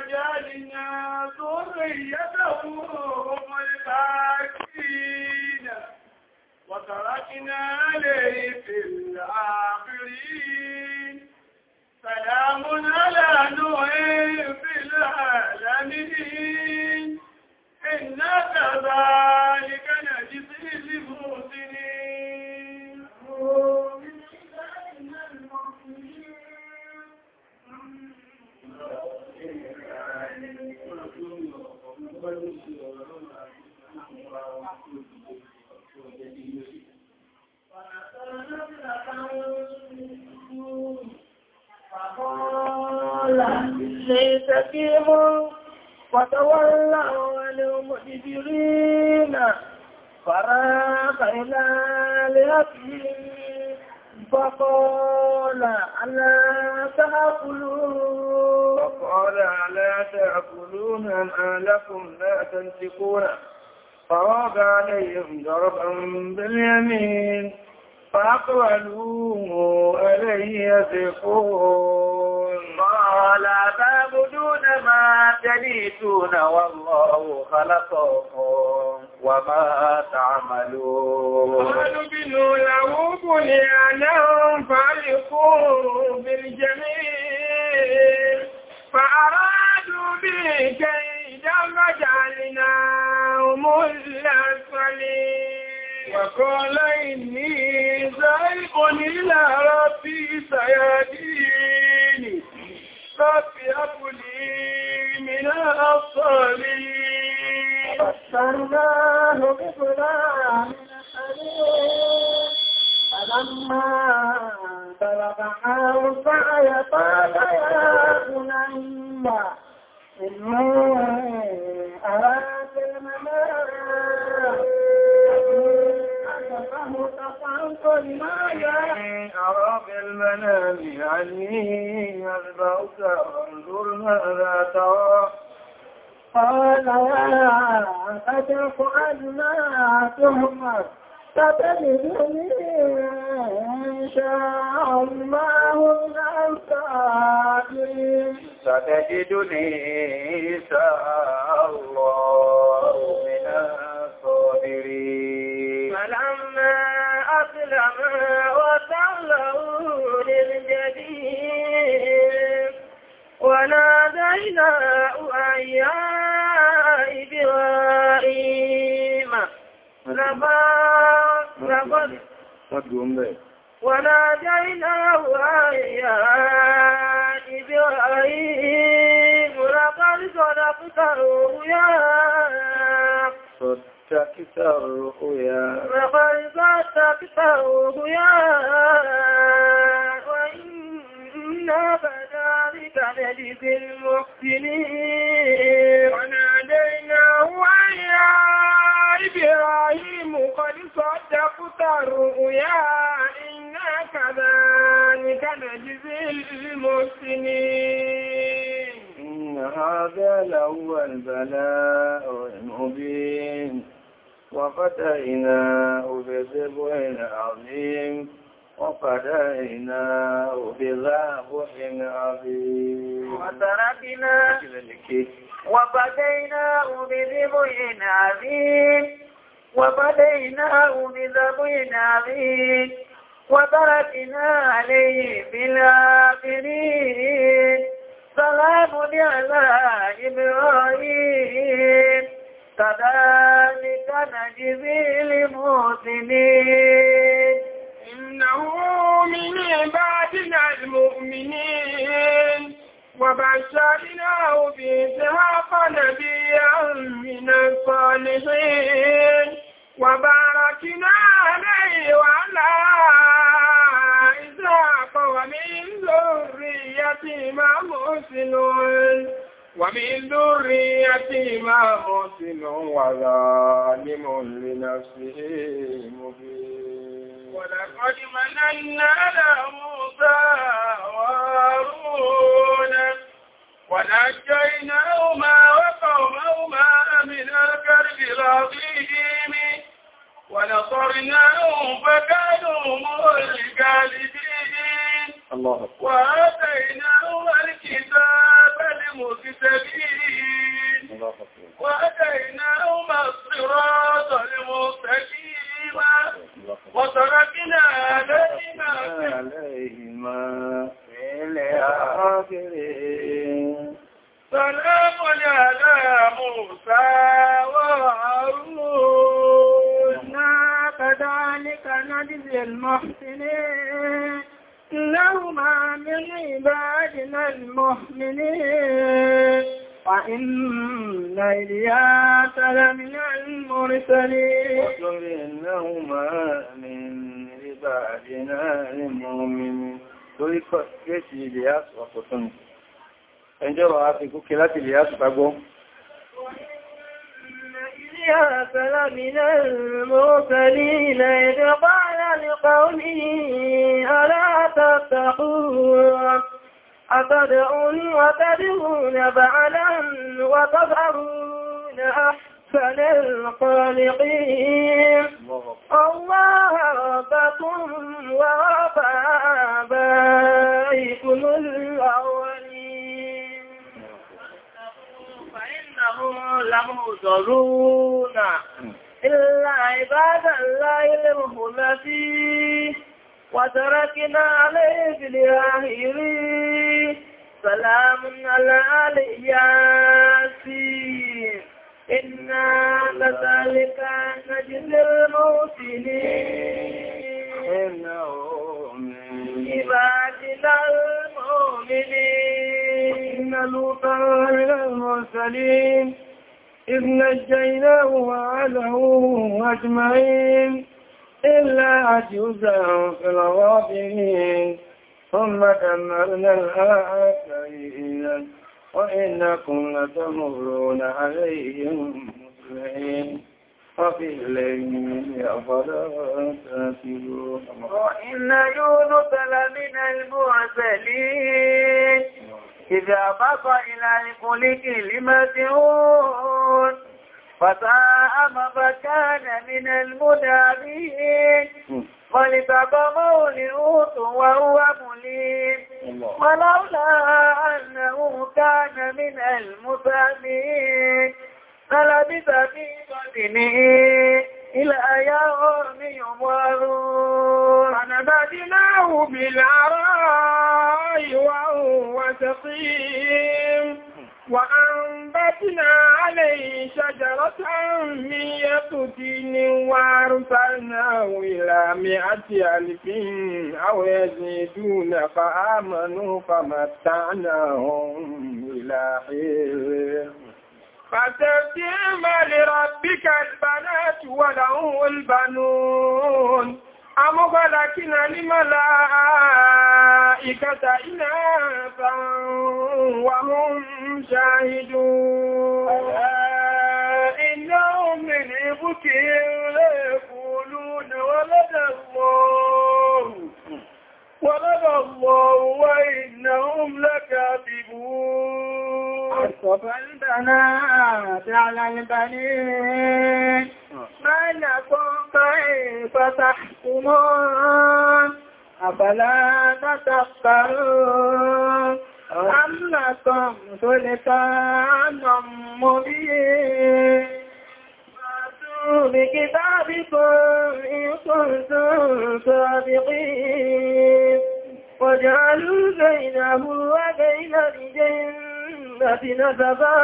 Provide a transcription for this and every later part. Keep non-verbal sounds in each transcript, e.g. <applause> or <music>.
وجعلنا ذريته هم الباقين وتركنا عليه في الآخرين سلام على نوح في العالمين إن كذلك ليس فيهم وتولوا عنهم مدبرين فراغ إلى لأبهم فقال ألا تأكلون فقال ألا تأكلون أم لكم لا تنسقون فراغ عليهم ضربا باليمين فأقبلوه عليه يسقون لا تعبدون ما تليتون والله خلقكم وما تعملون قالوا بنوا له بنيانا فالقوا بالجميل فأرادوا به كيدا فجعلناهم الأسفلين وقال إني زائق إلى ربي سيهديني الصافئة لي من الصالحين بشرناه بغلام حليم فلما بلغ أنفع قال يا بني إني أراك المنام تقعت لماذا أرى في المنام عني البوت انظر ماذا ترى قال أتفعل ما تهمر ستجدني إن شاء الله من الصابرين ستجدني إن شاء الله من الصابرين ولما أسلم وتله للجبين وناديناه أن يا إبراهيم ربا ربا وناديناه أن يا إبراهيم لقد صدقت رؤياك الرؤيا وقد ساكت الرؤيا وإنا كذلك نجزي المحسنين وناديناه أن يا إبراهيم قد صدقت الرؤيا إنا كذلك نجزي المحسنين إن هذا لهو البلاء المبين وفتيناه بذبح عظيم وفديناه بذبح عظيم وتركنا وفديناه بذبح عظيم وفديناه بذبح عظيم وتركنا عليه في الآخرين سلام على إبراهيم كذلك نجزي المحسنين إنه من عبادنا المؤمنين وبشرناه بإسحاق نبيا من الصالحين وباركنا عليه وعلى إسحاق ومن ذريته محسن ومن ذريتي ما محسن وظالم لنفسه مبين ولقد مننا على موسى وارون ونجيناهما وقومهما من الكرب العظيم ونصرناهم فكانوا هم الغالبين الله وآتيناهما الكتاب وأتيناهما الصراط المستقيم وتركنا عليهما في الآخرين سلام على موسى وهارون كذلك نجزي المحسنين إنهما من عبادنا المؤمنين وإن إلياس لمن المرسلين وقل إنهما من عبادنا المؤمنين torí kéèsì ilẹ̀ yásù ọ̀pọ̀tún ẹjọ́rọ̀ àfikúkẹ láti ilẹ̀ yásù tagbọ́ ilẹ̀ àtàlà mìíràn mọ́ تتقون أتدعون وتدعون بعلا وتظهرون أحسن الخالقين الله ربكم ورب آبائكم الأولين فإنهم لمحضرون إلا عباد الله المخلصين وتركنا عليه في الآخرين سلام على آل ياسين إنا لذلك نجزي الموسنين إنه من عبادنا المؤمنين إن لوطا من المرسلين إذ نجيناه وعله أجمعين إلا عجوزا في الغابرين ثم دمرنا الآخرين وإنكم لتمرون عليهم مسلمين وفي الليل أفلا تأكلون وإن يونس لمن المرسلين إذا بقى إلى الفلك لمسعون فساء ما كان من المدابين ولباب مولئوت وهو مليم ولولا أنه كان من المسامين فلبث في بدنه إلى يوم يمارون فنبذناه بالعراء وهو سقيم وأنبتنا عليه شجرة من يقطين وأرسلناه إلى مئة ألف أو يزيدون فآمنوا فمتعناهم إلى حين فتبتعما لربك البنات وله البنون amúgbàdà kí na límọ̀lá ìkẹta iná fàánwà mú ń ṣáhìdú iná omi ní búkí lẹ́kùlú ní wọ́lọ́dọ̀ mọ̀ wà iná omi lẹ́kà bìbú Ọ̀pọ̀ ń dáná àti ní máa تقطعي فتحكمون أفلا تتفكرون أم لكم سلطان مبين فأتوا بكتابكم إن كنتم صادقين وجعلوا بينه وبين الجنة نسبا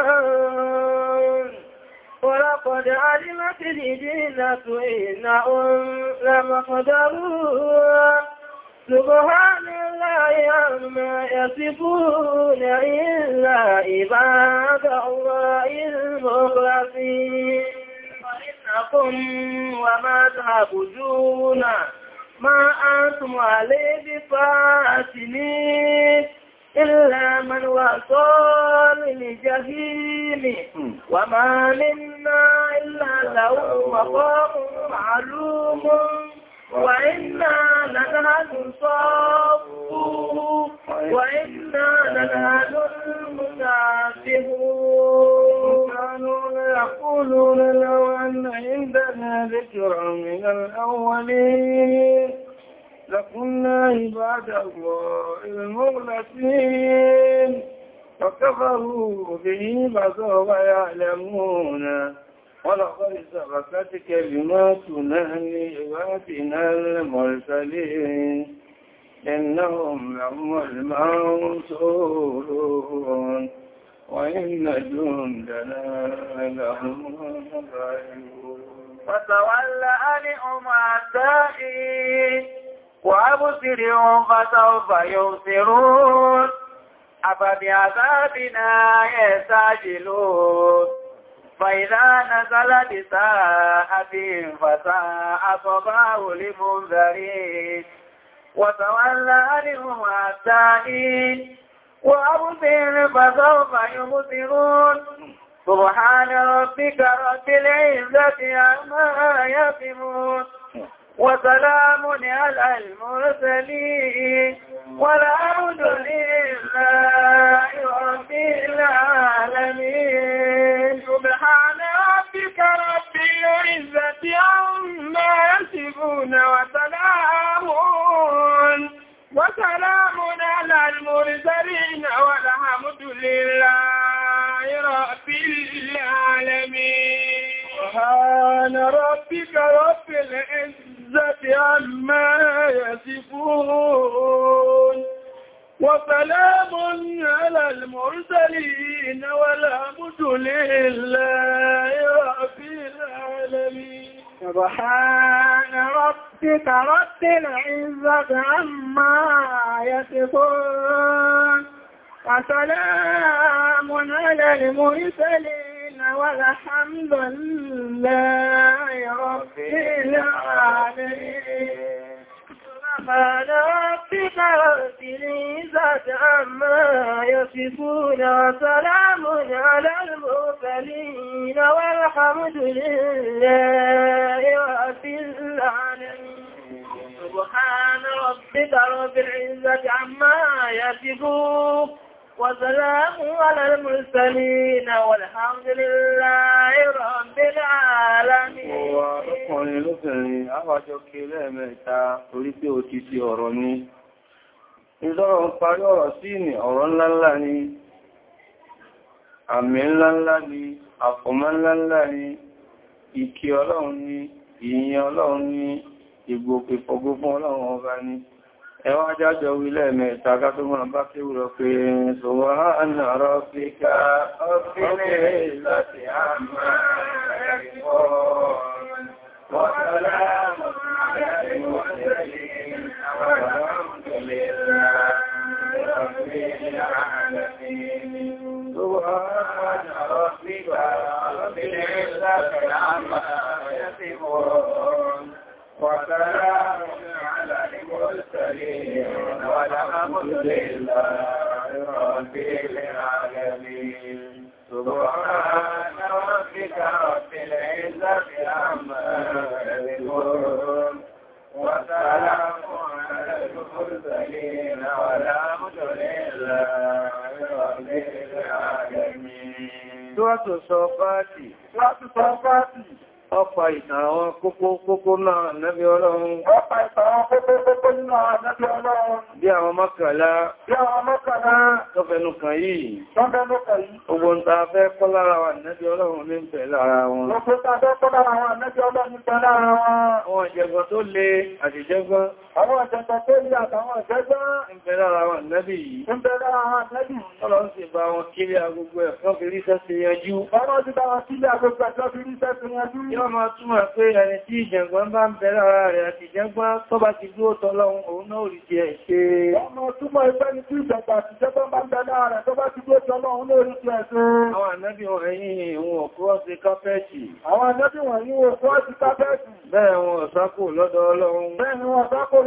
ولقد علمت الجنة إنهم لمقدرون سبحان الله عما يصفون إلا عباد الله المخلصين وإنكم وما تعبدون ما أنتم عليه بفاتنين إلا من وصال لجهيم وما منا إلا له مقام معلوم وإنا لنهل صافه وإنا لنهل المسافهون كانوا يقولون لو أن عندنا ذكر من الأولين لكنا عباد الله المغلسين فكفروا به فسوف يعلمون ولقد سبقت كلماتنا عبادنا المرسلين إنهم لهم المنصورون وإن جندنا لهم الغيبون فتولى عن أمتائي وأبصرهم فسوف يبصرون أفبعذابنا يستعجلون فإذا نزل بساحتهم فساء صباح لمنذرين وتولى عنهم السائل وأبصر فسوف يبصرون سبحان ربك رب العزة عما يصفون وسلام على المرسلين والحمد لله رب العالمين سبحان ربك رب العزة عما يصفون وسلام وسلام على المرسلين والحمد لله رب العالمين سبحان ربك رب العزة لله رب العالمين سبحان ربك رب العزة عما يصفون وسلام على المرسلين والحمد لله رب العالمين سبحانك بقاتل ذات عما يصفون وسلام على المرسلين والحمد لله رب العالمين سبحان ربك رب العزة عما يصفون وسلام على المرسلين والحمد لله رب العالمين ọkùnrin lóbìnrin àwàjọ kí lẹ́ẹ̀mẹ́ta torí pé ó ti ti ọ̀rọ̀ ní ìdọ́rọ̀ ń parí ọ̀rọ̀ sí ní ọ̀rọ̀ ńláńlá ni àmì ńláńlá ni àfọ̀mọ́ ńláńlá ni ìkẹ́ ọlọ́run ni ìyìn ọlọ́run ni ìgbòkèfọ̀gbó fún ọlọ́run ọba ni ẹwà jájọ wílẹ̀ mẹ́ta kásùmọ̀ bá kí wùrọ̀ pé ṣòwọ́ àánà ọ̀rọ̀ fi ká ọ́fílẹ̀ láti àmà ẹ̀kọ́ wọ́tọ́lá سبحان ربك رب العزة عما والحمد لله رب العالمين سبحان ربك رب العزة عما يصفون وسلام على المرسلين والحمد لله رب العالمين سورة الصفات سورة الصفات ọpa ìtàn àwọn kókó náà nẹ́bí ọlọ́run ọpa ìtàn àwọn kókó náà nẹ́bí ọlọ́run bí àwọn mọ́kànlá bí àwọn mọ́kànlá tọ́fẹ́nù kan yìí tọ́fẹ́nù kan yìí ogun ta fẹ́ kọ́ lára wa nẹ́bí ọlọ́run ní pẹ̀ lára wọn ogun ta fẹ́ kọ́ lára wa nẹ́bí ọlọ́run ní pẹ̀ Àwọn ọ̀tẹ̀tẹ̀ tó ní àtàwọn ọ̀ṣẹ́gbá ń bẹ lára wọn nẹ́bì yìí. Ń bẹ lára wọn nẹ́bì yìí. Ọlọ́run sì bá wọn kí lé agogo ẹ̀ fún ọkùnrin sẹ́sì yanjú. Ọlọ́run sì bá wọn kí lé agogo ẹ̀ fún ọkùnrin sẹ́sì yanjú. Yọ́ máa túnmà pé ẹni tí ìjẹ̀gbọ́n bá ti dúró tọ́lọ́run òun ti ẹ̀ ṣe. ti dúró tọ́lọ́run náà rí ti ẹ̀ ṣe. Àwọn ànábì wọn ẹ̀yìn òun ọ̀kúrọ́sí kápẹ́ẹ̀tì. Àwọn ànábì wọn ẹ̀yìn òun ọ̀kúrọ́sí kápẹ́ẹ̀tì. Bẹ́ẹ̀ wọn ọ̀sákò lọ́dọ̀ Ọlọ́run.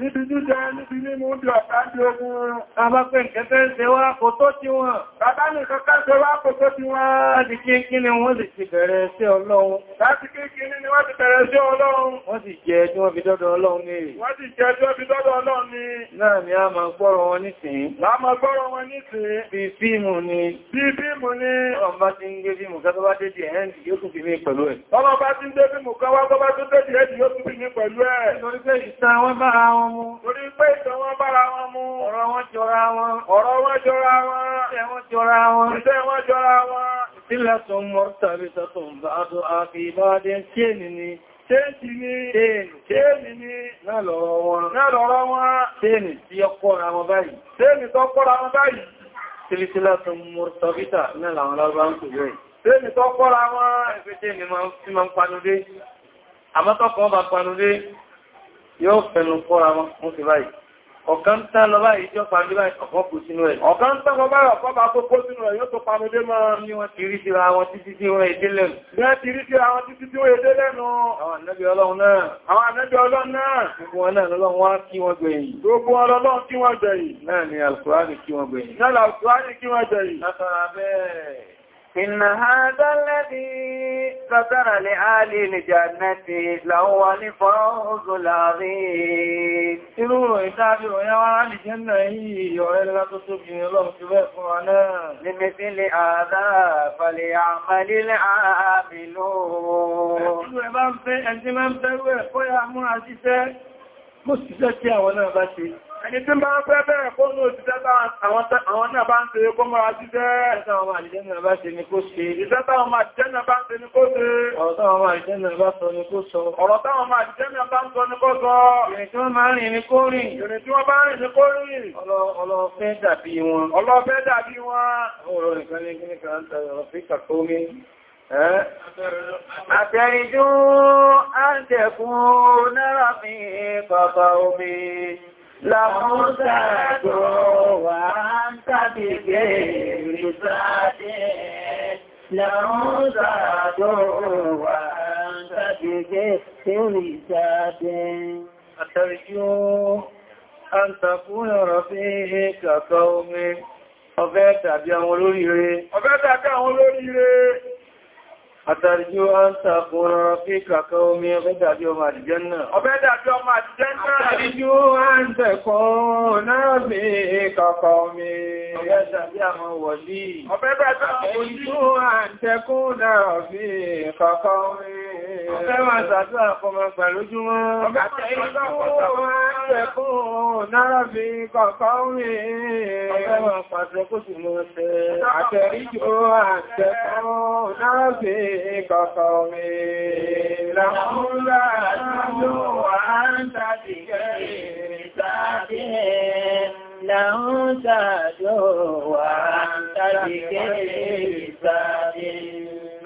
níbi jíjẹ níbi ní mú bí ọ̀tá ogun abápẹ́ ìkẹfẹ́ ṣe kò tó ti wọn bàbá ní kọká ṣe kò tó ti wọn láti kíkí ni wọ́n sì ti bẹ̀rẹ̀ sí ọlọ́run wọ́n sì jẹ́ tí wọ́n dọ́dọ̀ ọlọ́run ní wọ́n sì jẹ́ tí wọ́n dọ́dọ̀ ọlọ́run ní náà ni a máa gbọ́rọ̀ wọn wọn mú. Torí pé ìtàn wọn bára wọn mú. Ọ̀rọ̀ wọn jọra wọn. Ọ̀rọ̀ wọn jọra wọn. Iṣẹ́ wọn jọra wọn. Iṣẹ́ wọn jọra wọn. Ìpínlẹ̀ tó mọ́ tàbí tàbí bá tó àfi ìbáadé tí ènì ni. Téèni ni, téèni ni, náà lọ̀rọ̀ wọn, náà lọ̀rọ̀ wọn, téèni tí ọkọ̀ra wọn báyìí, téèni tó kọ́ra wọn báyìí, tílítílá tó mọ̀rọ̀tọ̀bítà náà làwọn lọ́rọ̀ ń kò rẹ̀. Téèni tó kọ́ra wọn, ẹgbẹ́ téèni máa ń panudé, àmọ́tọ́kọ̀ bá panudé, yóò fẹnu kọ́ra wọn fún ti báyìí ọ̀kan tán lọ báyìí jọ pàdé báyìí ọ̀kan kò sínú ẹ̀ ọ̀kan tán lọ báyìí ọ̀kan bá tó kó sínú ẹ̀ yóò tó pàdé dé máa ní wọ́n ti rí síra wọn títí tí wọ́n èdè lẹ́nu bẹ́ẹ̀ ti rí síra wọn títí tí wọ́n èdè lẹ́nu àwọn ànábì ọlọ́run náà àwọn ànábì ọlọ́run náà gbogbo wọn náà lọ́lọ́run wá kí wọ́n gbẹ̀yìn gbogbo wọn lọ́lọ́run kí wọ́n gbẹ̀yìn náà ni alkùránì kí wọ́n gbẹ̀yìn náà alkùránì kí wọ́n gbẹ̀yìn látara bẹ́ẹ̀ إن هذا الذي ذكر لآل الجنة لهو الفوز العظيم إنه يتابع يا آل الجنة يعلى تصبح الله سبحانه لمثل هذا فليعمل العاملون Mo ṣiṣẹ́ tí àwọn náà bá ṣe ẹni tí bá ń fẹ́ bẹ̀rẹ̀ fóònù òṣìṣẹ́ àwọn náà bá ń ṣe kó mọ́ra jíṣẹ́ ìṣẹ́tàwọn máa jẹ́ náà bá ṣe ní kó ṣe ìṣẹ́tàwọn máa jẹ́ náà bá ń ṣe ní kó ṣe ọ̀rọ̀tàwọn máa jẹ́ náà bá ń sọ ní kó sọ ọ̀rọ̀tàwọn máa jẹ́ náà bá ń sọ ní kó sọ ìrìn tí wọ́n máa rìn ní kó rìn ìrìn tí wọ́n bá rìn ní kó rìn ọlọ́fẹ́ dàbí wọn ọlọ́fẹ́ dàbí wọn ọ̀rọ̀ nìkan ní kí ní kan tàbí ọ̀fíkà tó rí Àtẹ̀rìjú á jẹ̀kún náírà fi pàpà omi لموسى وأنت بغير زاد لموسى وأنت بغير زاد أترجو أن تكون رفيق قومي Ọfẹ́ tàbí àwọn olóríire. Ọfẹ́ tàbí àwọn olóríire a an tàkùnrà fíkà káomi ọgbẹ́dàbí ọmọ àdìjẹ́nà. Ọgbẹ́dàbí ọmọ àdìjẹ́nà. Àtàríjú an tàkùnrà fíkà káomi. Ọgbẹ́dàbí àwọn wọ̀lí. Ọgbẹ́dàbí àwọn wọ̀lí. Àtàríjú an tàkùnrà fíkà káomi. Ọ̀fẹ́ máa ṣàdúrà fọmọ pẹ̀ lójúmọ́. Ọ̀fẹ́ máa pàṣẹ kó sì mọ́ ṣe àtẹ̀ríjò àtẹ̀kọ́ náà fi kọ̀kọ̀ mi. Làmúlà ló wà ń tàbí kẹrì tàbí Láhún tàjò wà ń tàbí kẹrì tàbí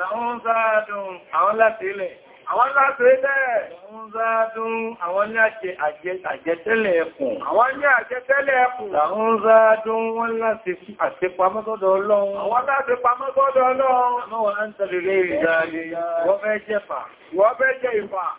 làwọn záàdùn àwọn láti ilẹ̀ àwọn láti ilẹ̀ làwọn záàdùn àwọn ní àjẹtẹ́lẹ̀ ẹkùn àwọn ní àjẹtẹ́lẹ̀ ẹkùn làwọn záàdùn wọ́n láti àṣepamọ́sọ́dọ̀ ọlọ́run àwọn láti pamọ́sọ́dọ̀ ọlọ́run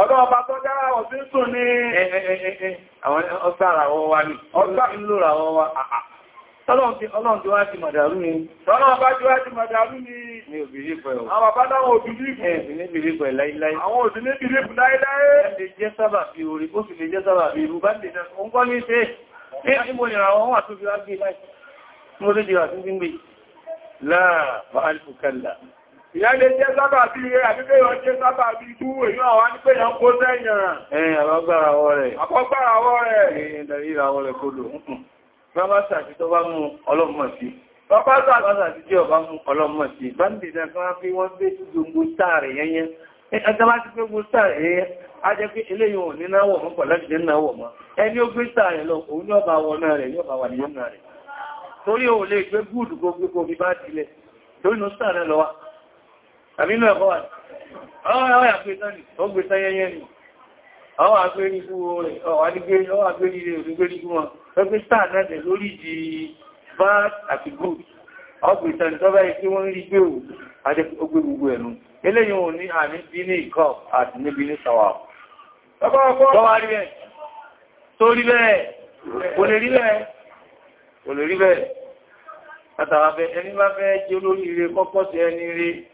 Ọlọ́ọba eh, eh, eh, Ọlọ́run ti wá ti màdàrú ni. Ọlọ́ọba ti wá ti màdàrú ni. Ní òbìrí pẹ̀ Àwọn bàbá dáwọn òbìrí pẹ̀. Ẹ̀ ìbìrí pẹ̀ láíláí. Àwọn òbìrí pẹ̀ láíláí. Ẹ̀ jẹ́ sábà fi orí, ó sì lè jẹ́ sábà fi irú bá ń kọ́ ìyá lè jẹ́ sábà bí rẹ̀ àbíbẹ̀ yọ jẹ́ sábà bí ibú èyí àwọn wá ní pé yàn kó sẹ́yìn ẹ̀yìn àbọ́gbàra ọwọ́ rẹ̀ àbọ́gbàra ọwọ́ rẹ̀ ẹ̀yìn ìdàrí ìràwọ̀ rẹ̀ kó lò bábásà ti tọ́ bá mú ọlọ́mọ̀ sí bábásà ti jẹ́ ọba mú ọlọ́mọ̀ sí báńdì náà kan fi wọ́n gbé gbogbo sáàrẹ̀ yẹnyẹn ẹgbẹ́ láti pé sáàrẹ̀ yẹn a jẹ́ àbínú ẹ̀kọ́ wà àwọn àwọn àpẹta ni ó gbé sáyẹyẹ ni àwọn àgbérí fún orin ọ̀wà ní gbérí ọwà gbérí rẹ̀ olúgbérí fún wọn ẹgbẹ́ star náà tẹ̀ lórí di bad àti good ọgbẹ̀ta ní tọ́bá ikú wọ́n rí gbé òun àti ogbe gbogbo ẹ̀nu eléyìn òun ní àmì bí ní ìkọ́ àti níbi ní sọ̀wà torí bẹ́ẹ̀ kò lè rí bẹ́ẹ̀ kò lè rí bẹ́ẹ̀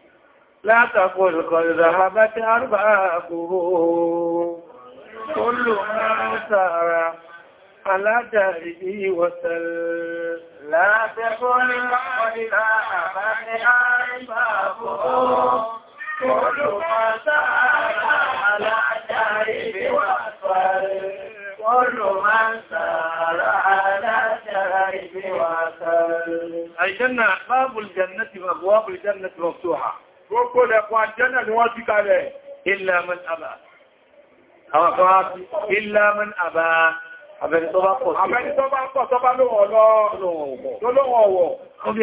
لا تقل قد ذهبت أرباكه كل ما سار على داره وسل لا تقل قد ذهبت أرباكه كل ما سار على داره وسل كل من سار على داره وسل جنة باب الجنة وأبواب الجنة مفتوحة Gbogbo lẹ̀kùn àjẹ́nà ni wọ́n ti kalẹ̀, illa man aba. Àwọn kan wá sí, illa man aba, àbẹni tó bá pọ̀ sí. Àbẹni tó bá pọ̀ tó bá lóhùn ọlọ́ tó lóhùn ọwọ̀. Ó bí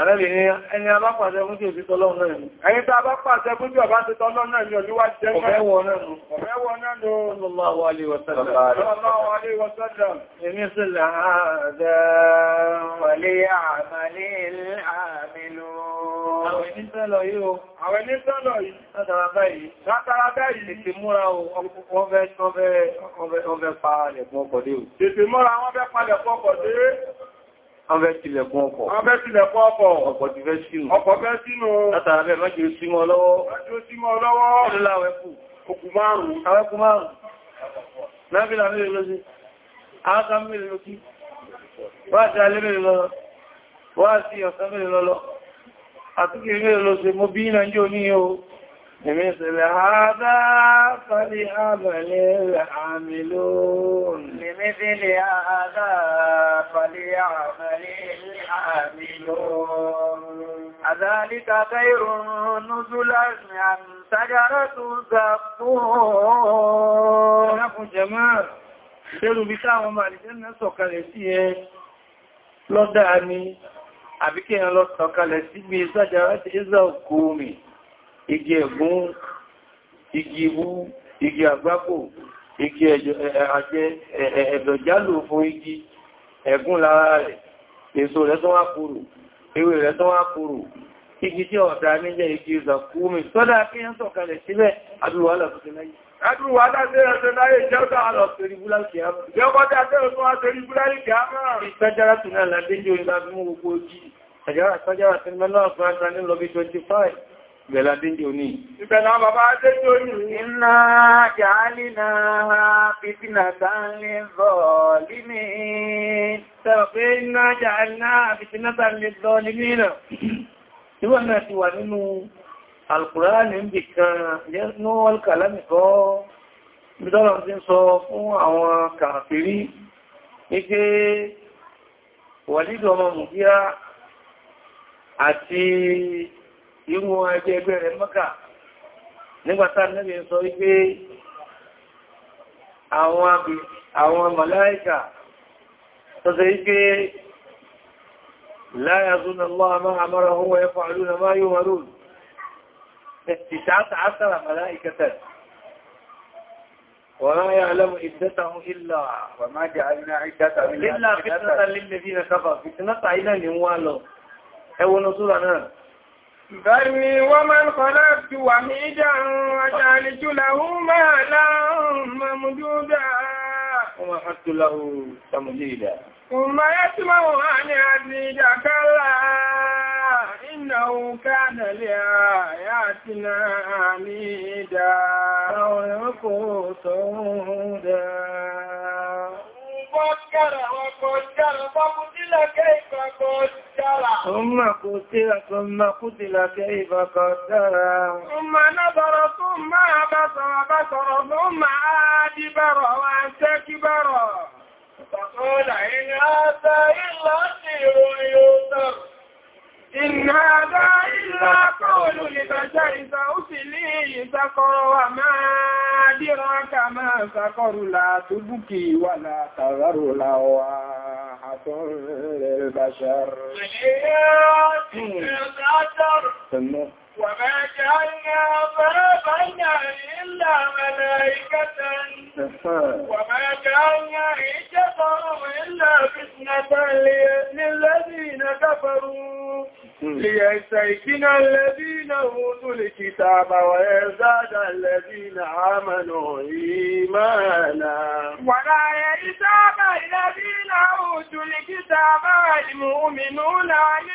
Àrẹ́lì ni ẹni alápàṣẹ fún jù títọ́ lọ́nà ẹ̀mù. Ẹni tí a bá pàṣẹ fún jù ọba títọ́ lọ́nà ẹ̀mù olúwa jẹ́ ọ̀fẹ́wọ̀ náà nù. Ọ̀fẹ́wọ̀ náà nù. Sallallahu alaihi wasallam. Sallallahu alaihi wasallam. Èmi sí làádẹ́ wàlé àmàlé àmìlú. Àwọn ẹni sẹ́lọ̀ yìí o. Àwọn ẹni sẹ́lọ̀ yìí. Látara báyìí. Látara báyìí. Tètè múra múra wọ́n Wọ́n fẹ́ tilẹ̀kùn ọkọ̀. Wọ́n fẹ́ tilẹ̀kùn ọkọ̀. Ọkọ̀ ti fẹ́ sínú. Ọkọ̀ fẹ́ sínú. Látara bẹ́ẹ̀ májì ó símọ́ lọ́wọ́. Májì ó símọ́ lọ́wọ́. Ọdún láwẹ́kù. Okù márùn-ún. Àwẹ́kù márùn-ún. Lábílà mẹ́rin lọ sí. Àáká mẹ́rin lọ kí. Wá sí alẹ́ mẹ́rin lọ. Wá sí ọ̀sán mẹ́rin lọ lọ. Àtúkì mẹ́rin lọ sí mo bí ìrìnàjò ní o. لمثل هذا فليعمل العاملون لمثل هذا فليعمل العاملون أذلك خير نزلا عن شجرة زقوم لكم جمال Ṣérù bí káwọn máa lè jẹ́ sọ̀kalẹ̀ sí ẹ lọ́dá ni, àbíkẹ́ lọ sọ̀kalẹ̀ sí bí sájára ti Israel kú mi igi ẹ̀gún igi iwú igi àgbákò igi àjẹ́ ẹ̀dọ̀jálò fún igi ẹ̀gún lára rẹ̀ èso rẹ̀ tó wá kúrò ewé rẹ̀ tó wá kúrò igi tí ọ̀dá níjẹ́ igi ìzàkúmi sọ́dá kí ń sọ̀kalẹ̀ sílẹ̀ àdúwà lọ́pùtù láyé Adúwà dáadẹ́rẹ́ láyé jẹ́ ọ̀dá àlọ́ pẹ̀lú búlá kìí àmà. Jẹ́ ọkọ́ dáadẹ́rẹ́ tó wá pẹ̀lú búlá kìí àmà. Ìtajára tún náà làdé jẹ́ orí láti mú gbogbo ojú. Àjára àtajára tẹ́lẹ̀ lọ́pàá ní lọ bí 25. Bẹ̀lá déjì òní. Ìbẹ̀lá bàbá déjì òní. Iná jàálìnà fìtínà tánlé zọ̀límì. Sẹ́wọ̀ pé iná jàálìnà fìtínà tánlé zọ̀límì náà. Ìwọ̀n náà ti wà nínú Alkùránì ń bì kan ní Alkàlámìkọ́. Bidọ́lọ̀ ti sọ fún àwọn kàfìrí ní pé wàlídọ̀ irú wọn ẹgbẹ́ ẹgbẹ́ rẹ̀ mọ́kà nígbàtà nẹ́bí sọ wípé àwọn màláíkà tó sẹ wípé láyàzún Allah ma àmọ́ra owó ẹfà àlúnà máa yóò wà lóòrùn وما يعلم عدتهم إلا وما جعلنا عدتهم إلا فتنة للذين كفروا فتنة عينا لهم أول نصور عنها ذرني ومن خلقت وحيدا وجعلت له مالا ممدودا ومحدت له تمديدا ثم يسمع أن يزيد كلا إنه كان لآياتنا عنيدا أو يكون سودا jára wọn kọ jára bá mú sílẹ̀ kẹ́ ìkọ̀kọ̀ jára. Ọmọ kò tí àkọ́ mọ́ kú ti lákẹ́ ìbọ̀kọ̀ jára. Ọmọ náà bọ̀rọ̀ fún máa bá sọ̀rọ̀ bá sọ̀rọ̀ fún máa dìbọ̀rọ̀ wá ń tẹ́ kí bọ̀rọ̀. Ìtàkọ́ إن هذا إلا قول لبشر سأصليه سقر وما أدراك ما سقر لا تبكي ولا تذر لواحة للبشر سنة وما جعلنا بابنا إلا ملائكة وما جعلنا حجتهم إلا فتنة للذين كفروا ليستيقن الذين أوتوا الكتاب ويزداد الذين آمنوا إيمانا ولا يزداد الذين أوتوا الكتاب والمؤمنون أن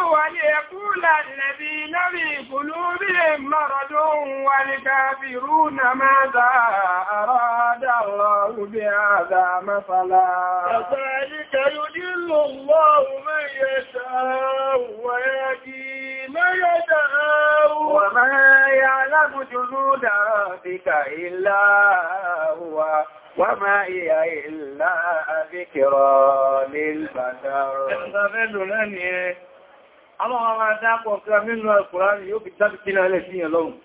وليقول أن الذين في قلوبهم مرض والكافرون ماذا أراد الله بهذا مثلا كذلك يدل الله من يشاء ويهدي من يشاء وما يعلم جنود ربك إلا هو وما هي إلا ذكرى للبشر àwọn ọmọ adápọ̀ kí a mímọ̀ ẹ̀kùnrin yóò fi dábìtì náà lẹ̀ sí ìyẹn lọ́rùn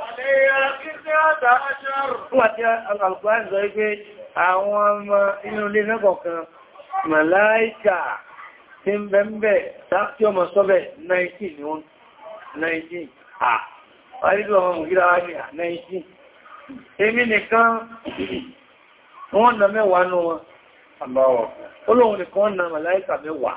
Wà tí Al-Qur'an sọ wípé àwọn ọmọ inú ilé mẹ́kọ̀ọ̀kan, Màláíkà tí ń bẹ ń bẹ̀ tí ọmọ sọ́bẹ̀ 19 ni wọ́n 19. À, wà nílò ọmọ ògíra wá ní 19. Èmi nìkan wọ́n na mẹ́wàá nú wọn. Olóhun nìkan na Màláíkà mẹ́wàá,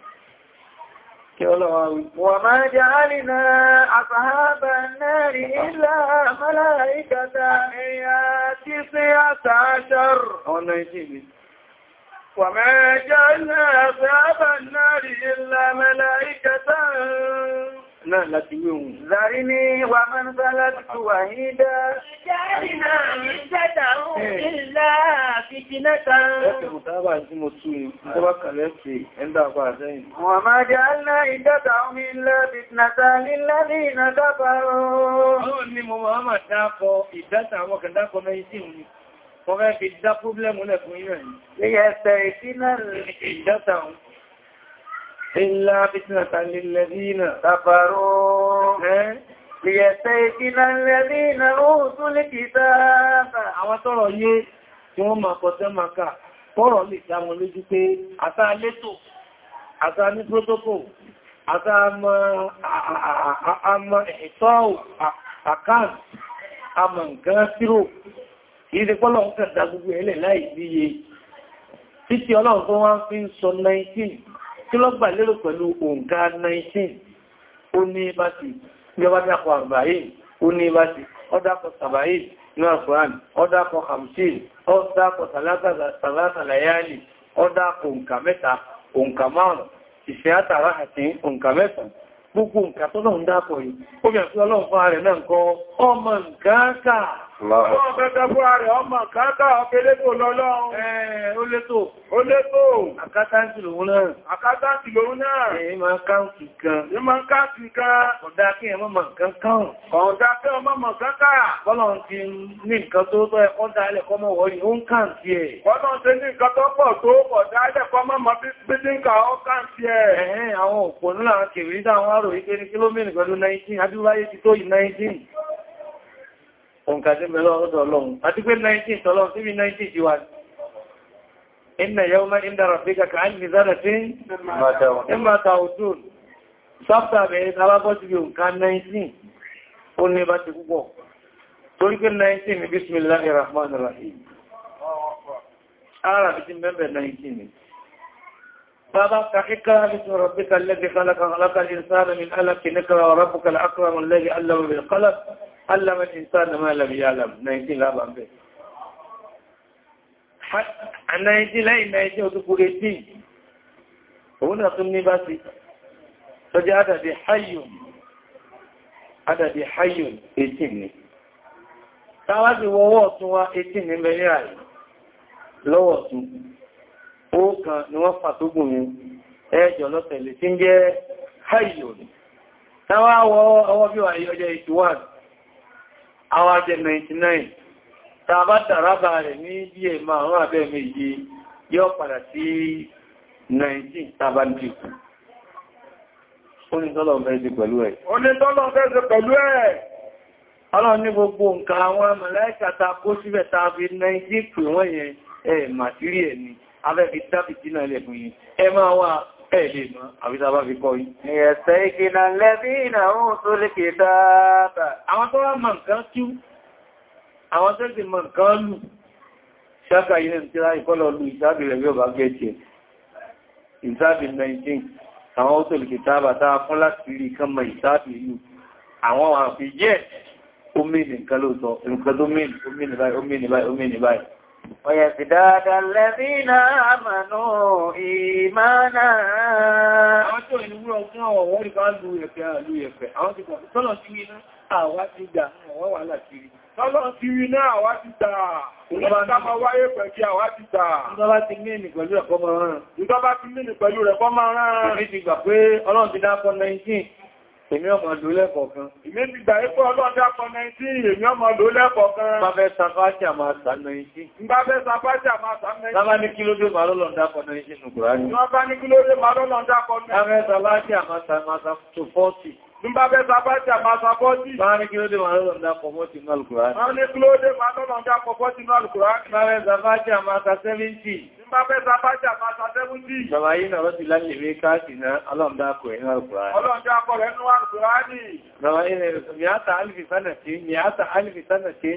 kí ọlọ́wà wí. Wa ma ja'alna ashaban nari illa malaikatan ẹ̀yà tí sí àtàṣọ́rọ̀ ọ̀nà ìjìnlẹ̀. Wa ma ja'alna ashaban nari illa malaikatan náà láti wé ohun. Zàrí ní wà máa ń sá láti tó wà ní dá. Jẹ́rì náà ń jẹ́ta ohun ìlà fìtínẹ́ta. Ẹ̀fẹ̀ mùtábà tí mo tú ní, tó bá kàlẹ́ sí ẹ̀ndà àpá àtẹ́yìn. Wà máa jẹ́ alá ìjẹ́ta ohun ìlà fìtínẹ́ta nílá ní ìnàdábàrọ̀. Ó ní mo máa máa dákọ ni. Wọ́n fẹ́ fi dá públẹ́mù lẹ̀kùn yìí rẹ̀. Ní ẹsẹ̀ ìfínà ìjẹ́ta ohun. إلا فتنة للذين كفروا ليستيقن الذين أوتوا الكتاب àwọn tọ́rọ̀ yé tí wọ́n máa kọ̀tẹ́ máa ká tọ́rọ̀ lè dá wọn lójú pé àtà lẹ́tò àtà ní protocol àtà àmà ẹ̀tọ́ àkàn àmà nǹkan sírò ìdí pọ́lọ̀ ń kàdá gbogbo ẹlẹ̀ láì 19 kí ló gbà lérò pẹ̀lú òǹkà 19 ó ní bá ti yọba dákọ̀ àbáyìn ó ní bá ti ọdákọ̀ sàbáyìn ní àkùrán ọdákọ̀ hamsin ọdákọ̀ sàlátàlàyàlì ọdákọ̀ òǹkà mẹ́ta òǹkà márùn ìṣẹ́ àtàrà àti òǹkà mẹ́ta gbogbo òǹkà Ọ̀gẹ́gẹ́ fún ààrẹ ọmọ kátà ọ̀pẹ́lẹ́gbò lọ́lọ́run. Ẹ̀ẹ́ ó létò. Ó létò. Àkátáǹtì lòun náà. Àkátáǹtì lòun náà. Ẹ̀yìn máa káǹtì kan. Ẹ̀yìn Ọ̀dá kí ẹmọ́ mọ̀ Ọ̀dá kí ọmọ mọ̀ ti ní nǹkan tó tọ́ ẹ̀kọ́ dálẹ̀ kọ́mọ̀ ń òǹkàdé mẹ́lọ ọ̀dọ̀ ọlọ́run pé 19 tọ́lọ́ sí bí 19 jíwá iná yau mẹ́ inda rafika ka an nìzára tí ìmọ̀ta òdún sáfà bẹ̀rẹ̀ tàbábọ́ sí bí òǹkà 19 ó ní bá ti púpọ̀ 19 ni bismillahir rahmanir rahim ara bí ti mẹ́bẹ̀ 19 ni بابا اقرأ باسم ربك الذي خلق خلق الإنسان من ألف allama ìsáàdì máa lẹ́bí yálàm 19 lábàá bẹ̀. a 19 lẹ́yìn 19 òtúkú 18 òun náà tún ní bá sí tọ́jẹ́ adàdì hayyùn adàdì hayyùn 18 ni tàwádìí wọ́wọ́ ọ̀tún wá 18 ní mẹ́rin àyè lọ́wọ́ ọ̀tún ó kan ni wọ́n fàtógùn ní ẹjọ́ lọ́tẹ̀lẹ̀ tí ń jẹ́ hayyùn tàwá wọ́wọ́ ọwọ́ bí wà ní ọjọ́ 81 àwọn ajẹ́ 99 tàbá tàrábà rẹ̀ ní bí ẹ̀ máa wọ́n àbẹ́ méje yóò padà sí 19 tàbá ní ìkù onítọ́lọ̀ fẹ́ sí pẹ̀lú ẹ̀ onítọ́lọ̀ fẹ́ sí pẹ̀lú ẹ̀ ọlọ́run ní gbogbo nǹkan àwọn màláíkà ta kó síbẹ̀ ta fi 19 pè wọ́n yẹn ẹ̀ màtírí ẹ̀ ẹ̀lẹ́ ìmọ̀ àwítàbá fi kọ́ yìí. Ẹ̀ẹ̀sẹ̀ ìkìnà lẹ́bí ìnáwó tó lè kè dáadáa. Àwọn tó wá mọ̀ nǹkan kí àwọn tó sì mọ̀ nǹkan lù ṣáka ilẹ̀ ìtira ìkọ́lọ̀ lù ìsáàbì rẹ̀ yóò bá gẹ́ẹ̀tì ẹ̀. Ìsáàbì 19, àwọn ó tó lè kè dáadáa tá a fún láti rí kan mọ̀ ìsáàbì lù. Àwọn àwọn àfi yẹ́ omi nìkan lóòtọ́, nǹkan tó mìnì báyìí, omi nì omi nì ويزداد الذين آمنوا إيمانا Àwọn tó ìlúwúrọ̀ fún àwọn ọ̀wọ́n ìbá lú ẹ̀fẹ́ àlú ẹ̀fẹ́. Àwọn ti kọ̀ tọ́lọ̀ sí iná àwá ti dà àwọn wà láàkiri. Tọ́lọ̀ sí iná àwá ti dà. Ìjọba máa wáyé pẹ̀lú àwá ti dà. Ìjọba ti mẹ́ni pẹ̀lú ẹ̀kọ́ máa rán. Ìjọba ti mẹ́ni pẹ̀lú rẹ̀ kọ́ máa rán. Èmi ti gbà pé Ọlọ́run ti dákọ́ 19 èmi ọmọ àdó lẹ́kọ̀ọ̀kan. Ìmé ti gbà ipò ọlọ́dá kan 19, èmi ọmọ àdó lẹ́kọ̀ọ̀kan. Bá fẹ́ sàfáàtì àmà sàn 19. Bá fẹ́ sàfáàtì àmà sàn 19. Lábá ní kí ló dé màá lọ́lọ́dá kan 19 ṣùgbọ́n. Lábá ní kí ló dé màá lọ́lọ́dá kan 19. Bá fẹ́ sàfáàtì àmà sàn 40. Nígbà bẹ́ sàbájì àmásàbọ́jì. Máa ní kí ló dé máa lọ́nà dápọ̀ mọ́ ti náà lùkùrá. Máa ní kí ló dé máa lọ́nà dápọ̀ mọ́ náà lùkùrá. Máa rẹ̀ sàbájì àmásà 70. Sàbàyínà rọ́sì lálèwé káàkì náà ọlọ́ndàkọ̀ ẹ̀nà Al-Qur'ani. Ọlọ́ndàkọ̀ ẹ̀nà Al-Qur'ani. Sàbàyínà mìíta alìfì sánàtí, mìíta alìfì sánàtí,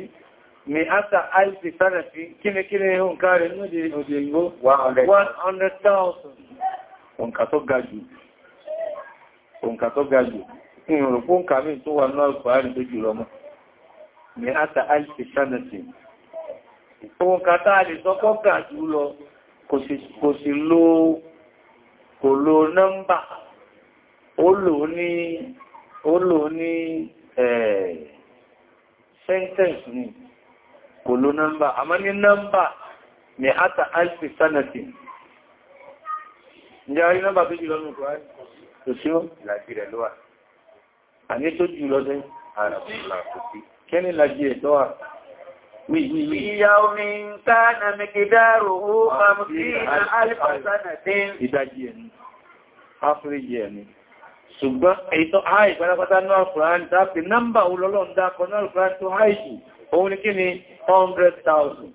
mìíta alìfì sánàtí, kí ni kí ni ohun káàrẹ̀ ní òdè ìgbó? 100,000. Òǹkà tó ga jù. Òǹkà tó ga jù. Ìrùnkún kàmí tó wà náà Al-Qur'ani tó jù lọ mọ́. Mìíta alìfì sánàtí. Òǹkà táà lè sọ pọ́ kò sí ló kò ló nọ́mbà ó lò ní ó lò ní sentence ni kò ló nọ́mbà àmọ́ ní nọ́mbà ni ata alfi sanati ǹjẹ́ àrí nọ́mbà tó jùlọ ní ọkọ̀ ẹ́ tó sí ó ìlàjí rẹ̀ ló wà àní tó jùlọ sẹ́ kẹ́ni ìlàjí ẹ̀ lọ́wà Ìyàwómi tánà mẹ́kẹ̀dárò ó fàmùsí alìfàsánàdé. Ìdájí ẹni, áfíríjì ẹni. Ṣùgbọ́n ètò àì pàdápátá náà Kùrán dápì nọ́mbà olólọ́n dápọ̀ náà Kùrán tó àìjù, òun ni ni 100,000.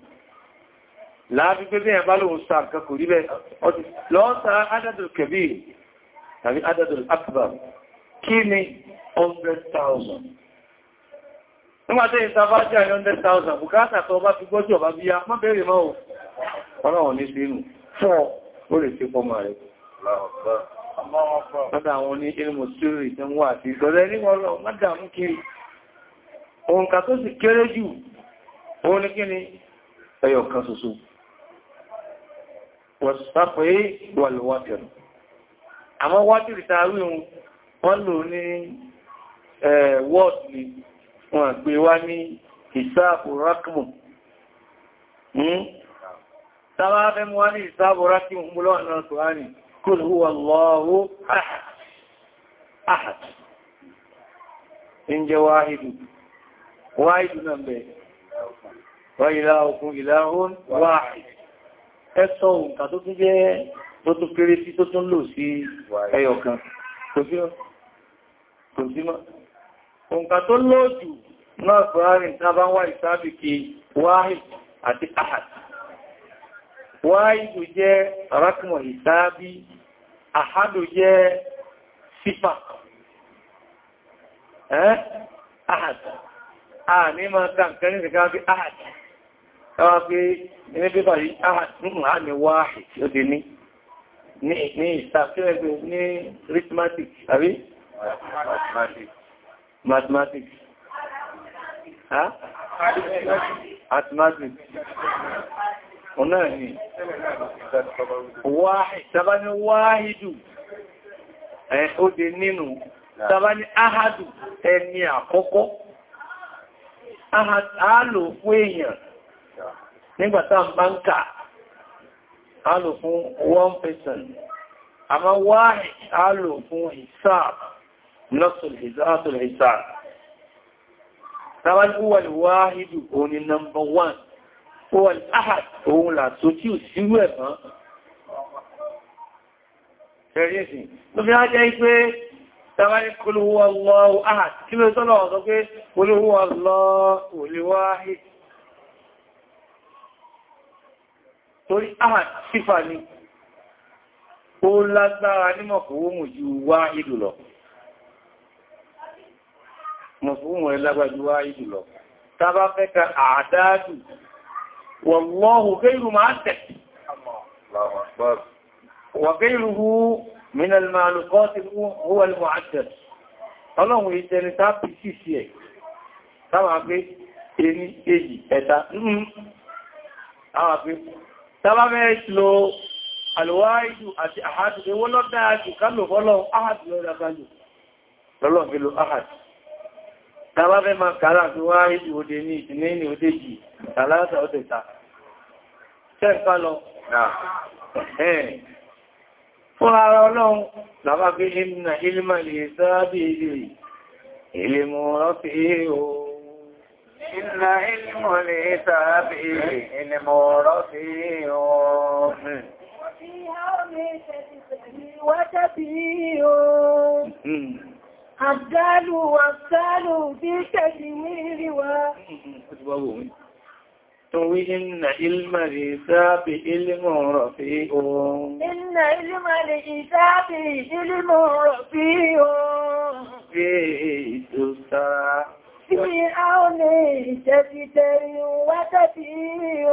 Láàbí pé bí ẹ̀bá lóòun sáà kan kò rí bẹ́ lọ́ọ́sà Adádùl Kẹ̀bí tàbí Adádùl Akbar kí ni 100,000 nígbàtí ìsàbá jẹ́ 100,000 bùkátà tó bá fi gbọ́jọ̀ bá bí a má bèèrè mọ́ ohun ọlọ́run ní sínú fún ó lè ṣe fọ́mà rẹ̀ lọ́dá àwọn ní ilmù sírí tí wọ́n àti ìgbọ́lẹ̀ ní ọlọ́run má dàmú kiri ohun ká tó sì kéré jù ó ní kí ni ẹyọ kan ṣoṣo wọ̀sáfẹ́ wà lọ wátìrì àwọn wátìrì tààrí wọn gbé wá ní ìsáàbò rákùnmù hmm? tàbá fẹ́ mú wá ní ìsáàbò rákùnmù mú lọ́nà tòhánì kul huwa Allahu ahad ahad ìjẹ́ wáhìdù wáhìdù náà bẹ̀ wa ilahukum ilahun wáhìd ẹ̀sọ́ òǹkà tó tún jẹ́ tó tún kéré sí òǹkà tó lóòjù náà kùránì tábá wá ìsábìkì wáhìd àti ahad wáhìdù jẹ́ rákùnmọ̀ ìsábì ahadù jẹ́ sífà ẹ́ ahad a n'i máa ká nǹkan ní ìrìnká bí ahad ẹwà n'i ní pípà yìí ahad nínú a ni ni ni ni ní ni ìsáfẹ́ mathematics ha mathematics ọ̀nà ni tàbá ní wáhìdù ó dé nínú tàbá ní áhàdù ẹni àkọ́kọ́ áàlò fún èèyàn nígbàtà bánkà áàlò fún one person àmá wahid alu fún ìsáàbù nọ́sùn ìzáàtùn ìsà tàbí wọ́n wáhìdù òní nọmbà wọ́n wọ́n ahad òun làtò tí ò síwú ẹ̀mọ́ ṣẹ̀ríẹ̀sìn ló fi ájẹ́ pé tàbí kúlúwọ́ lọ́wọ́ ahad kí ló tọ́lọ̀ ọ̀sọ́ pé kúlúwọ́ lọ́wọ́ torí ahad sífà mọ̀fúnmù rẹ̀ lágbàjú wá ìdù lọ tàbá fẹ́ ka àdáàdù wọ̀lọ́hù gẹ́rù máa tẹ̀ wọ̀gẹ́rùhù mínàlmàlùkọ́ ti wọ́lùmọ̀ àtẹ̀ ọlọ́run ìtẹni tápì sísì ẹ̀ táwà pé ení èyí ẹ̀ta mm-hmm. tàbá fẹ́ lo alwáìdù àti àhádù ewó lọ́dáàdù kálò fọ́lọ́ ahàdù lọ́dáàdù lọ́lọ́ tàbá fẹ́ máa kàrà tó wá rí òde ní ìtìní ní òde jì tàlátà òtẹ̀ta tẹ́ẹ̀ká lọ fún ara ọlọ́run làbá gbé ìmìnà ilmà lè sáábì ilé ìlèmọ̀ rọ́fẹ́ ooo Inna ilmù lè sáábì ìlèmọ̀ rọ́fẹ́ ooo Àdálù àtálù bí kẹ́lì ní ìrìwá. Tún wí iná ilmàrí sáàbì ilmọ̀ rọ̀ fi ohun. Iná ilmàrí ìsáàbì ilmọ̀ rọ̀ fi ohun. Fi ètò sáà. Fi àwọn ìjẹ́fìtẹ̀ ìwátẹ́fì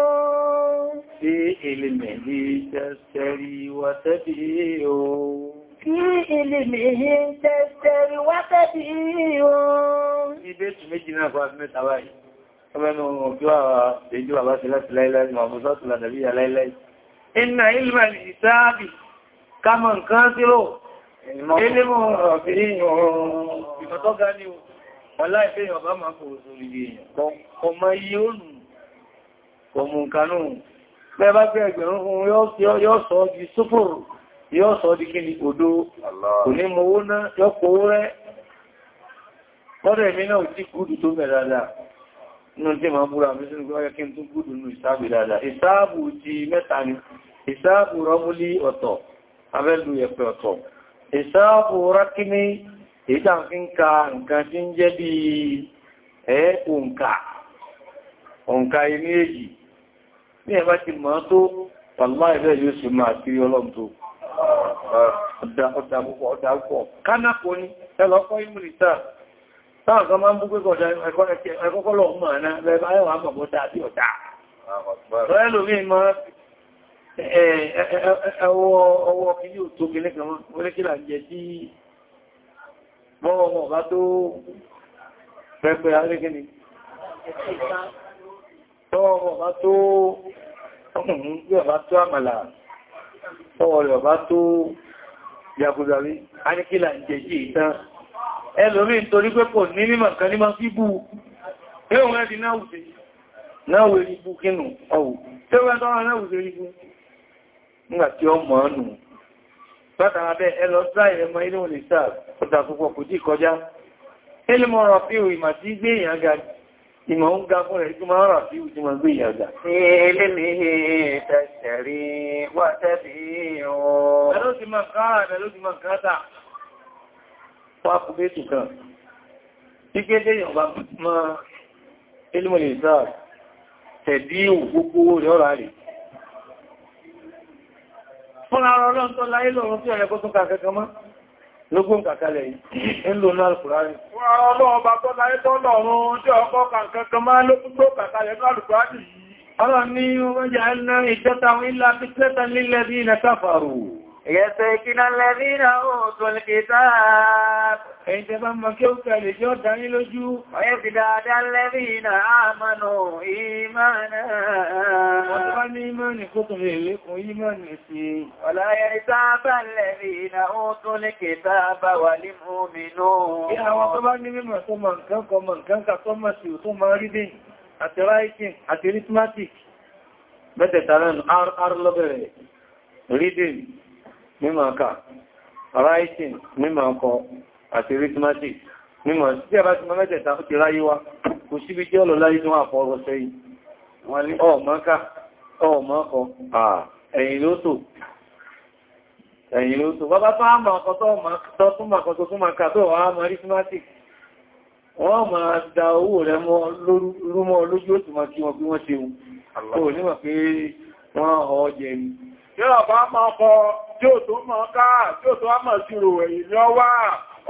ohun. Fi ilmẹ̀ ìjẹ́fìtẹ̀ ohun. fi ilimihi tẹ́tẹ̀rí wákẹ́bí ohun. Ibéjì méjì náà fún àti mẹ́ta báyìí. Ọmọ ọjọ́ àwọn èjú bàbá ti láti láìláì mọ̀ àmúsọ́ ti làdàbí aláìláì. Inna ilmà ní wọ́n láìpé máa kò sórí èèyàn. Ọmọ iye ó nù, Bẹ́ẹ̀ bá gbẹ́ ẹgbẹ̀rún fún yọ́ di súfòrò. yóò sọ di kí ni odó kò ní mọ owó náà yóò kó owó rẹ̀ lọ́dọ̀ èmi náà tí gúdù tó mẹ́ dáadáa nínú tí ma múra mi sínú gbọ́gbẹ́ kí n tún gúdù nínú ìsáàbù dáadáa ìsáàbù ti mẹ́ta ni ìsáàbù rọmúlí ọ̀tọ̀ abẹ́lú ẹ̀pẹ̀ ọ̀tọ̀ ìsáàbù rákíní ìdáǹkínká nǹkan tí ń jẹ́ bí ẹ́ òǹkà òǹkà inú èjì ní ẹ̀bá ti mọ́ tó pàlá ìbẹ́ yóò sì máa kiri ọlọ́m tó ọ̀dà púpọ̀ ọ̀dà púpọ̀ kánákò ní ẹlọ́kọ́ ìmúrìtà táwọn kan máa ń bú pẹ́kọ̀ ẹkọ́kọ́lọ̀ ọmọ àná lẹ́bàá ẹwà àmọ̀bọ̀ dá sí ọ̀dà ọwọ́ kí ní òtò gẹ́lẹ́ kan wọ́n lé kí là ń jẹ sí mọ́wọ́ ọ̀bá tó pẹ́pẹ́ arékẹ́ni tọ́wọ́ ọ̀bá tó ọmọ tọwọ́ rẹ̀ ọ̀bá tó yàgùdàrí a ní kí là ń jẹjì ìtàn ẹlòmí nítorí pé kò ní mímọ̀ kan ní máa fi bú ẹ̀hùn rẹ̀ di náà wèrí bú kínú ọwù tẹ́wẹ́ tọ́wọ́ náà wèrí bú nígbàtí ọ mọ̀ ọ́nù látara ìmọ̀ ń ga fún ẹ̀jú máa rà sí ìjú máa gbé ìyàjà. Ilé mi tẹ̀sẹ̀rí wà tẹ́bí ohun. Ẹlọ́ ti máa káà rẹ̀ ló ti máa káàtà. Pápùgbé tù kan. Ìgbédé ìyànbá máa ilmọ̀lẹ̀ ìsáà tẹ̀dí ògbógbó rẹ̀ lógún kàkàlẹ̀ ìlú náà kùránì. Wọ́n ọlọ́ọ̀bá tó láyé tó lọ́run tí ọkọ̀ kàkàkà máa lókún tó kàkàlẹ̀ يسيكن الذين أوتوا الكتاب أنت بما كيوك لجود داني لجو ويزداد الذين آمنوا إيمانا وطبعا إيمان كتب لكم إيمان نسي ولا يرتاب الذين أوتوا الكتاب والمؤمنون يا وطبعا مما ثم كان كما كان كما سي ثم ريدين أترايكين أتريتماتيك متى ترى الأر أر لبري ريدين mímọ̀ ká writing mímọ̀ àti arithmetic mímọ̀ tí a bá ti mọ́ mẹ́tẹ̀ta ó ti ráyé wá kò síbi tí ọlọ láyé tó wà fọ́rọ̀ sẹ́yìn wọ́n ní ẹ̀yìn ló ẹ̀yìn ló da owó mọ́ lórúmọ́ lójú ó kí wọn bí wọ́n ṣe wọ́n pé wọ́n ọjẹ́ ni bá máa kọ́ tí ó tó mọ̀ ká tí ó tó wá mọ̀ sírò ẹ̀yìn ni ọ wá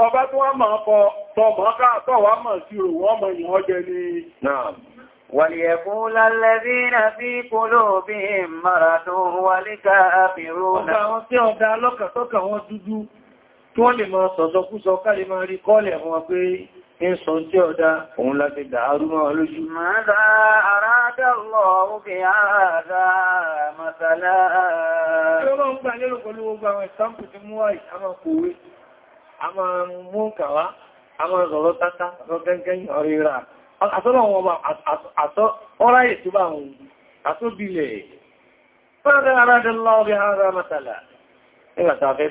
ọba tó wá mọ̀ ọkọ̀ tọ mọ̀ ká tọ wá mọ̀ sírò wọ́n mọ̀ yìí wọ́n jẹ ni وليقول الذين في قلوبهم مرض والكافرون Ọ̀gá ọ̀dá lọ́kàtọ́kà wọn wọ́n ń sọ tí ọ̀dá òun láti dàárú máa lójú. Mọ́dá àrádà lọ òkè àádá mọ́sálá. Tí ó máa ń gbà lérò pẹ̀lú gbogbo àwọn ìsámpù tí mú wáyìí, a máa kòwé, a máa mú kàwá, a máa sọ̀rọ̀ tátá, rọ́gẹ́gẹ́ ọ̀rẹ́ra. Àtọ́lọ̀ wọn bá ọ̀rá ìtúbà wọn, àtọ́bílẹ̀. Mọ́dá àrádà lọ òkè àádá mọ́sálá. Nígbàtà fẹ́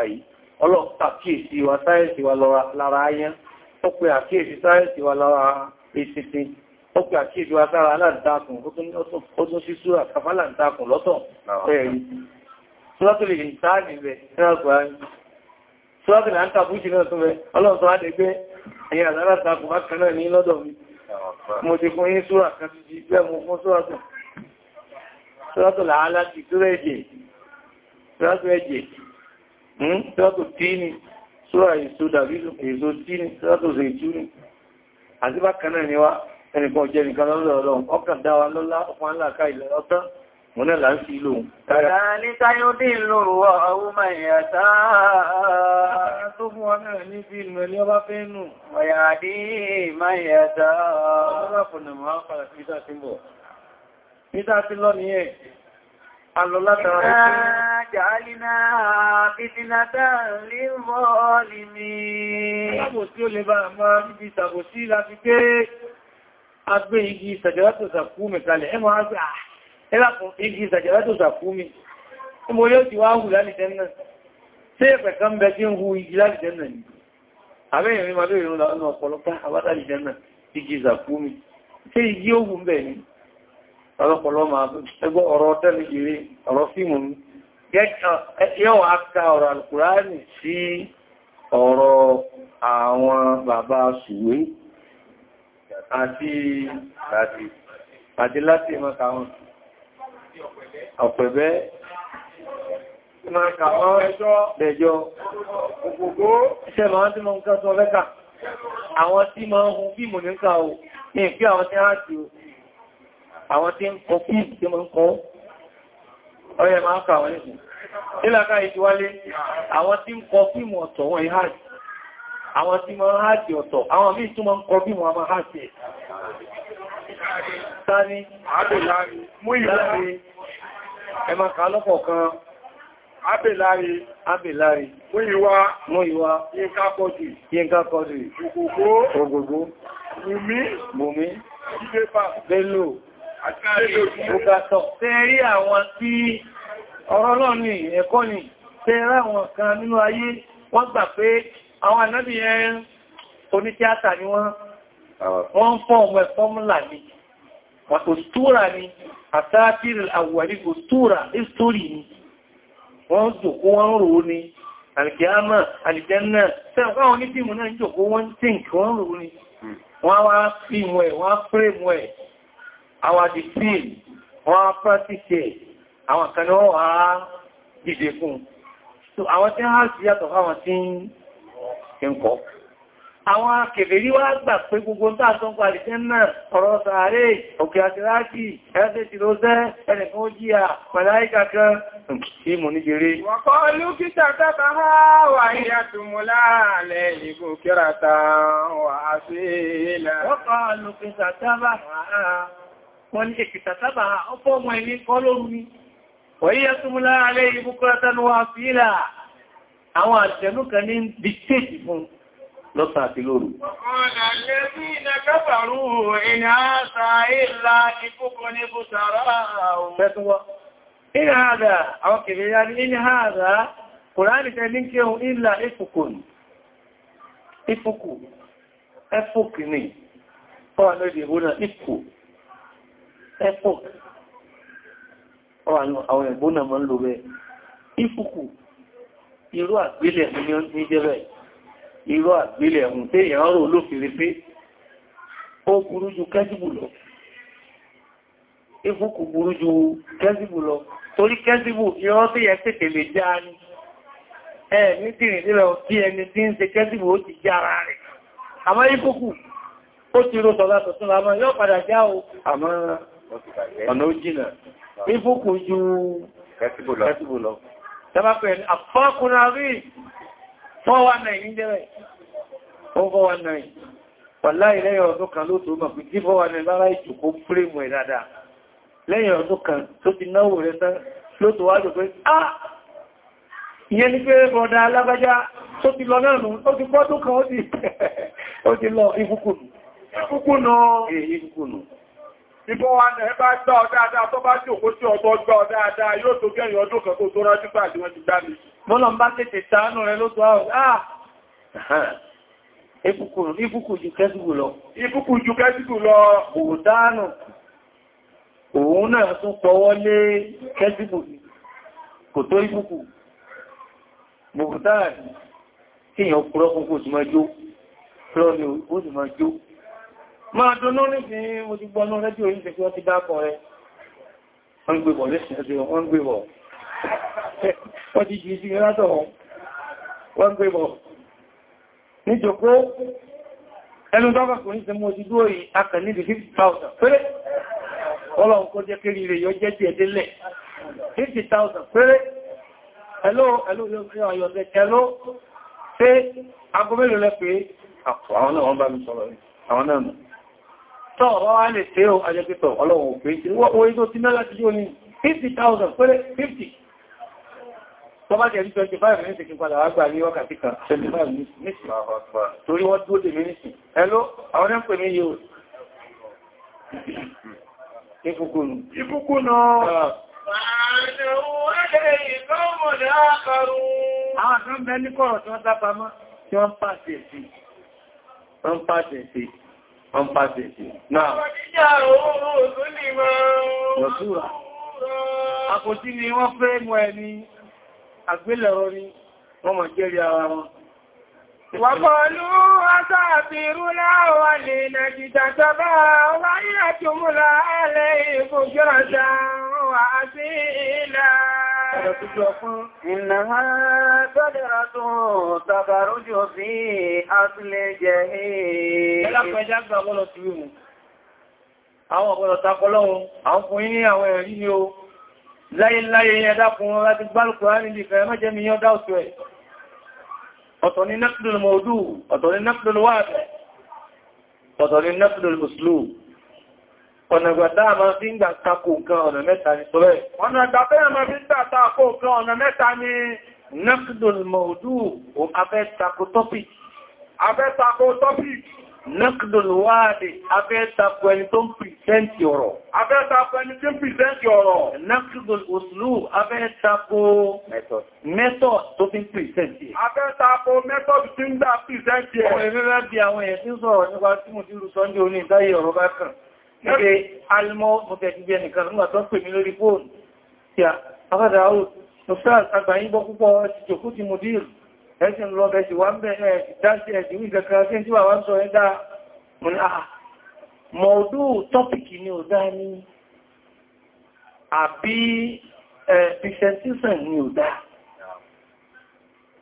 sí ọlọ́pàá àkíyèsí wa sáyẹ̀sì wa lára ayán ó pé àkíyèsí sáyẹ̀sì wa lára ètìtì ó pé àkíyèsí wa sára aláàdákùn ó tún sí súra kàfàlà ń dákùn lọ́tọ̀ ẹ̀rí Súrátùlì ìsáàdì rẹ̀ Súrátùlì àǹkàbújì náà tún rẹ̀ ọlọ́run sọ́tò tí ni sọ́rọ̀ èso dàbí èso tí ni sọ́tò sí ìtú ni àti bá kanáà ni wá ẹnìkan jẹ́ nìkan lọ́lọ́ ọlọ́run ọkà dáwà lọ́lá ọkùn aláàká ilẹ̀ ọ̀tán mọ́ náà láńsí ìlò Nígbà tí ni Jàálínà fìtínàtà lè mọ́ọ̀lì mi. Alábòsí ó lè bá máa bíbi igi ìsàjẹ́látò sàkúmi kalẹ̀. Ẹ máa gbé igi ìsàjẹ́látò sàkúmi. Ẹ mọ̀ yóò ti wá hù lálìjẹ́ náà. Ṣé ẹ̀pẹ̀ kan bẹ tí ń hu igi lálìjẹ́ náà ni? mi máa bèèrè lọ́nà igi ìsàkúmi. Ṣé bẹ̀ ni? ọlọ́pọ̀lọ́ máa ẹgbọ́ ọ̀rọ̀ tẹ́lẹ̀gìrí ọ̀rọ̀ fíìmù ní yẹ́wọ̀n aka ọ̀rọ̀ alkùránì sí ọ̀rọ̀ àwọn bàbá ṣùwé àti láti mọ́ka wọn ọ̀pẹ̀bẹ́ mọ́ka wọn lẹ́jọ́ òkòkó iṣẹ́ màá tí mọ́ nǹkan sọ lẹ́kà àwọn tí máa ń hun fíìmù nìkan ní àwọn tí ń kọ fún tí mọ́ ń kọ́ ọyẹ máa ń kà wọ́n nìkan nílàkà ìjúwálé àwọn tí ń kọ fíìmù ọ̀tọ̀ wọn ìhájì àwọn tí mọ́ hájì ọ̀tọ̀ àwọn míì tún mọ́ ń kọ fíìmù àmà hájì ẹ̀ tani ẹmà kà lọ́pọ̀ kan abèláre abèláre mú ìwá mú ìwá yínká kọjú yínká kọjú ògògó ògògó mùmí mùmí Bello Ògàtọ̀ tẹ́ rí àwọn tí ọ̀rọ̀ náà ni ẹ̀kọ́ ni tẹ́ rá àwọn kan nínú ayé wọ́n gbà pé àwọn ànábì ẹn onítíátà ni wọ́n wọ́n fọ́ ọmọ ẹ̀fọ́múlà ni òstúra ni àtàtìrì àwàrí òstúra ìstórí ni wọ́n jòkó wọ́n rò ní alìkìámà alìjẹ́nà tẹ́ọ̀kọ́ àwọn onífíìmù náà jòkó wọ́n tíǹkì wọ́n rò ní wọ́n wá fíìmù ẹ̀ wọ́n á fírèmù ẹ̀ àwọn dìtíìn wọ́n á pàtíṣẹ́ àwọn kan ní wọ́n wá dìde fún so àwọn tí wọ́n sì yàtọ̀ fáwọn tí ń kọ́ àwọn kèfèrí wá gbà pé gbogbo ń tàà sọ́nkọ́ àdìsẹ́ náà ọ̀rọ̀ sàárè òkè àtìráàkì ẹgbẹ́ tí ló zẹ́ ẹnìkan ó jíyà pẹ̀láìkà kan tí mo ní jẹrẹ wọ́kọ́ lókítà wọ́n ní èkìtà sábà ọ̀pọ̀ ọmọ ẹni kọ́ lóru ni wọ̀nyí yẹ́ túnmúlá alẹ́ ìbúkọ́ta ní wà fílà àwọn àjẹ̀nú kan ní dìtẹ́jì fún lọ́sàn àti lóru. Ọ̀nà lè rí iná kápàrú ìní àṣà ìlà ìkókò ní bùsàrá àwọn. Fẹ́tún wọ́. Ìní àdà, àwọn kèrè yá ní ìní àdà, Kùránì tẹ́ ní kéhùn ẹ̀pọ̀ àwọn ẹ̀gbọ́n náà máa ń lò bẹ́ ìfùkù irú àgbélẹ̀ ní jẹ́bẹ̀ irú àgbélẹ̀ ẹ̀hùn tí èèyàn rò lófèrè pé ó burú ju kẹ́sìbù lọ ìfùkù burú ju kẹ́sìbù lọ torí kẹ́sìbù irọ́ tí yẹ tètè lè já ní ẹ̀ ní tìrìn nílọ kí ẹni tí ń ṣe kẹ́sìbù ó ti já ara rẹ̀ àmọ́ ìfùkù ó ti rò sọ̀lá sọ̀tún lámọ́ yóò padà já o àmọ́ ọ̀nà ó jìnà ní fúnkù ju kẹtìbù lọ tẹ́bá pẹ̀ ní àpọ́kùnrin àrí 419 ní jẹ́rẹ̀ ó 419 pàlá ilẹ́yìn ọdún kan ló tó mọ̀ pé tí 419 lára ìjòkó fúrémù ẹ̀ dáadáa lẹ́yìn ọdún kan tó ti náwó rẹ̀ tán ló tó wájò pé ah ìyẹn ni pé bọ̀dá alágbájá tó ti lọ náà nù ó ti pọ́ tó kan ó ti <laughs> lọ ìfúkùnù ìfúkùnù Ibọ́ wa nẹ̀ bá gbá ọ dáadáa tó bá jòkó sí ọgbọ́ gbá ọ dáadáa yóò tó gẹ́yìn ọdún kan kó tó rájú gbà tí wọ́n ti gbá mi. Mọ́nà bá tètè tánú rẹ ló tó àà. Ibùkù ju kẹ́sìkù lọ. Ibùkù ju kẹ́sìkù lọ. Òdánù. Òun náà tún pọwọ́ lé kẹ́sìkù kò tó ibùkù. Bùkù táà Kúrọ́ ni ó sì máa jó máa dúnú ní fi mo ti gbọ́nú rẹ́díò yìí tẹ́kí wọ́n ti dákọ̀ rẹ̀ wọ́n gbébọ̀ lẹ́sìn ẹjọ́ wọ́n gbébọ̀ wọ́n ti jìí sí látọ̀ wọ́n gbébọ̀ ní jòkó ẹnu dọ́gbà kò ní sẹmọ́ ti dúó yìí a kàn níbi 50,000 péré ọlọ́run kó jẹ́ kéré rẹ̀ yọ jẹ́ ti ẹ̀dẹ́lẹ̀ 50,000 péré ẹ̀lọ́ ẹ̀lọ́ yóò fi ọ̀yọ̀ ẹ̀lọ́ pé agomẹ́lò lẹ́ pé àwọn náà wọ́n bá mi sọ̀rọ̀ àwọn náà tọ́ wọ́n wá lè tẹ́ ọjọ́ pípọ̀ ọlọ́run òfin tí wọ́n orí tó ti mẹ́ láti yóò ní 50,000 pẹ́lẹ̀ 50 tó bá jẹ́ 25 minutes kí padà wágbà ní wákàtí kan 25 minutes torí wọ́n dúró dè minutes hello àwọn ẹ́pẹ̀ mi yóò ìfúkúnù ìfúkúnù àwọn kan bẹ́ ní kọ̀rọ̀ tí wọ́n dápamọ́ tí wọ́n pàṣẹ sí wọ́n pàṣẹ sí. Náà. Ọ̀túra. Àkòtí ni wọ́n fẹ́ mú ẹni, àgbélẹ̀rọ ni, wọ́n mọ̀ jẹ́rí ara wọn. Wàkọ̀lú àtàbírú láwà lè nà jìdà tọ́bá wáyé àtúmúlà alẹ́ ìfòjọ́ràn إنها قدرة تخرج في أصل جهيم Àwọn ọ̀pọ̀lọ̀ fún yín ní àwọn ẹ̀rí ni ó láyéláyé ẹ̀dàkùn láti gbálùkù rá nílì fẹ́ mẹ́jẹ́ mi yọ́ dáòtù ẹ̀. Ọ̀tọ̀ ni Nẹ́pìdùl Mọ̀dú, ọ̀tọ̀ ni Nẹ́pìdùl Wáàdẹ̀, ọ̀tọ̀ ni Nẹ́pìdùl Mùsùlùmù ọ̀nàgbàtà àmà fi ń gbà takò nǹkan ọ̀nà mẹ́ta ni sọ́rẹ̀. ọ̀nàgbàtà àmà fi ń gbà takò nǹkan ọ̀nà mẹ́ta ni nafdul maudu o afẹ́ takò topic afẹ́ takò topic nafdul wadi afẹ́ takò ẹni tó ń pìsẹ́ntì ọ̀rọ̀ afẹ́ takò ẹni tó ń pìsẹ́ntì ọ̀rọ̀ nafdul uslu afẹ́ takò method tó fi ń pìsẹ́ntì afẹ́ Lórí almọ́ mọ̀tẹ̀gbẹ̀ nìkan lọ́gbà tó pè mí lórí fóònù. Tí a, afẹ́dà ó, Ustaz àgbàyìn bọ́ púpọ̀ ti jòkú ti mú dìrù, ẹ̀sìn lọ bẹ̀ sí wà ń bẹ̀ ẹ̀ dáṣẹ́ ẹ̀sìn ni ò àbí presentation ni ò dá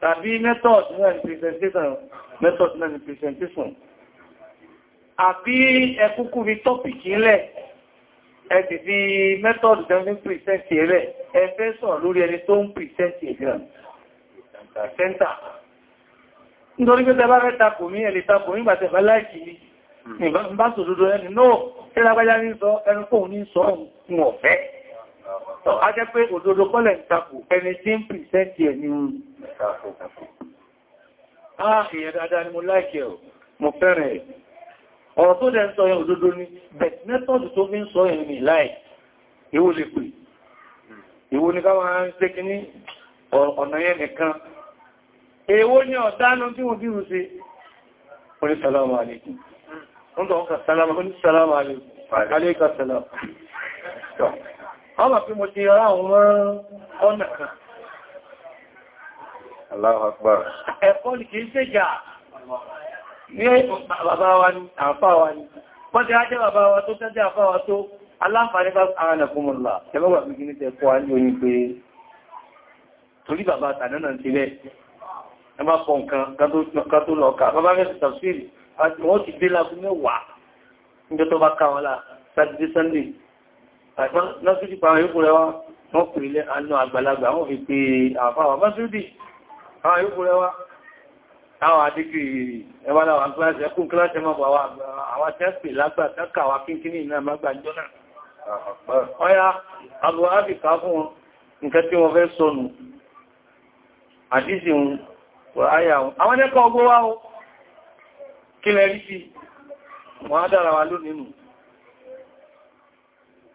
tàbí method náà presentation method náà presentation àbí ẹkùnkùn rí tọ́pìkì ńlẹ̀ ẹ̀sì fi mẹ́tọ̀dù tẹ́lẹ̀ pìrìsẹ́ntì rẹ̀ ẹfẹ́ sọ̀rọ̀ lórí ẹni tó ń pìrìsẹ́ntì ìgbìyàn sẹ́ntà nítorí pé tẹbá fẹ́ takò mí ẹ̀lẹ́ takò mí gbàtẹ̀ bá láìkì ní bá sòdodo ẹni náà tí lágbájá ní sọ ẹni kò ní sọ ohun ọ̀fẹ́ a jẹ́ pé òdodo kọ́lẹ̀ ń takò ẹni tí ń pìrìsẹ́ntì ẹ̀ ní ah ìyẹn dáadáa ni mo láìkì ẹ̀ mo fẹ́ràn ẹ̀ ọ̀rọ̀ tó dẹ̀ ń sọ yẹn òdodo ni bet method tó fi ń sọ yẹn ní láì ìwò lè pè ìwò ní káwọn ará ń pé kíní ọ̀nà yẹn nìkan èwo ni ọ̀dánú tí wọ́n bí rúse oní sàlámù àlékún ń tọ́ ọkà sàlámù àlékún sàlámù ọmọ pé mo ti rá àwọn ọ̀nà kan Allahu Akbar ẹ̀kọ́ ni kìí ṣèjà ní bàbá wa ní àfá wa ní wọ́n ti rájẹ́ bàbá wa tó tẹ́jẹ́ àfá wa tó aláǹfààní bá ààrẹ fúnmọ̀lá tẹ́lọ́gbà fi gíní tẹ́ kọ́ ní oyin pé torí bàbá tànánà ti rẹ̀ ẹ má pọ̀ nǹkan kan tó lọ ká bàbá rẹ̀ tàfsírì wọ́n ti dé lágún mẹ́wàá níjọ́ tó bá káwọn lá sátidé sunday àìpá lọ́sídì pa àwọn yòókù rẹ̀ wá wọ́n pè lẹ́ àánú táwọn adékì ẹwàlá àwọn kíláṣẹ ẹkùn kíláṣẹ mọ́ àwọn tẹ́sì lágbà tẹ́kà wà kínkíní ìná àmágbà jọ́nà ọya àbúwá áfíkà fún nǹkan tí wọ́n fẹ́ sọnù àdísì ohun ayà ohun àwọn ẹ̀kọ́ ọgbọ́ wá ohun kí lẹ rí sí wọ́n á dára wa lónìí nù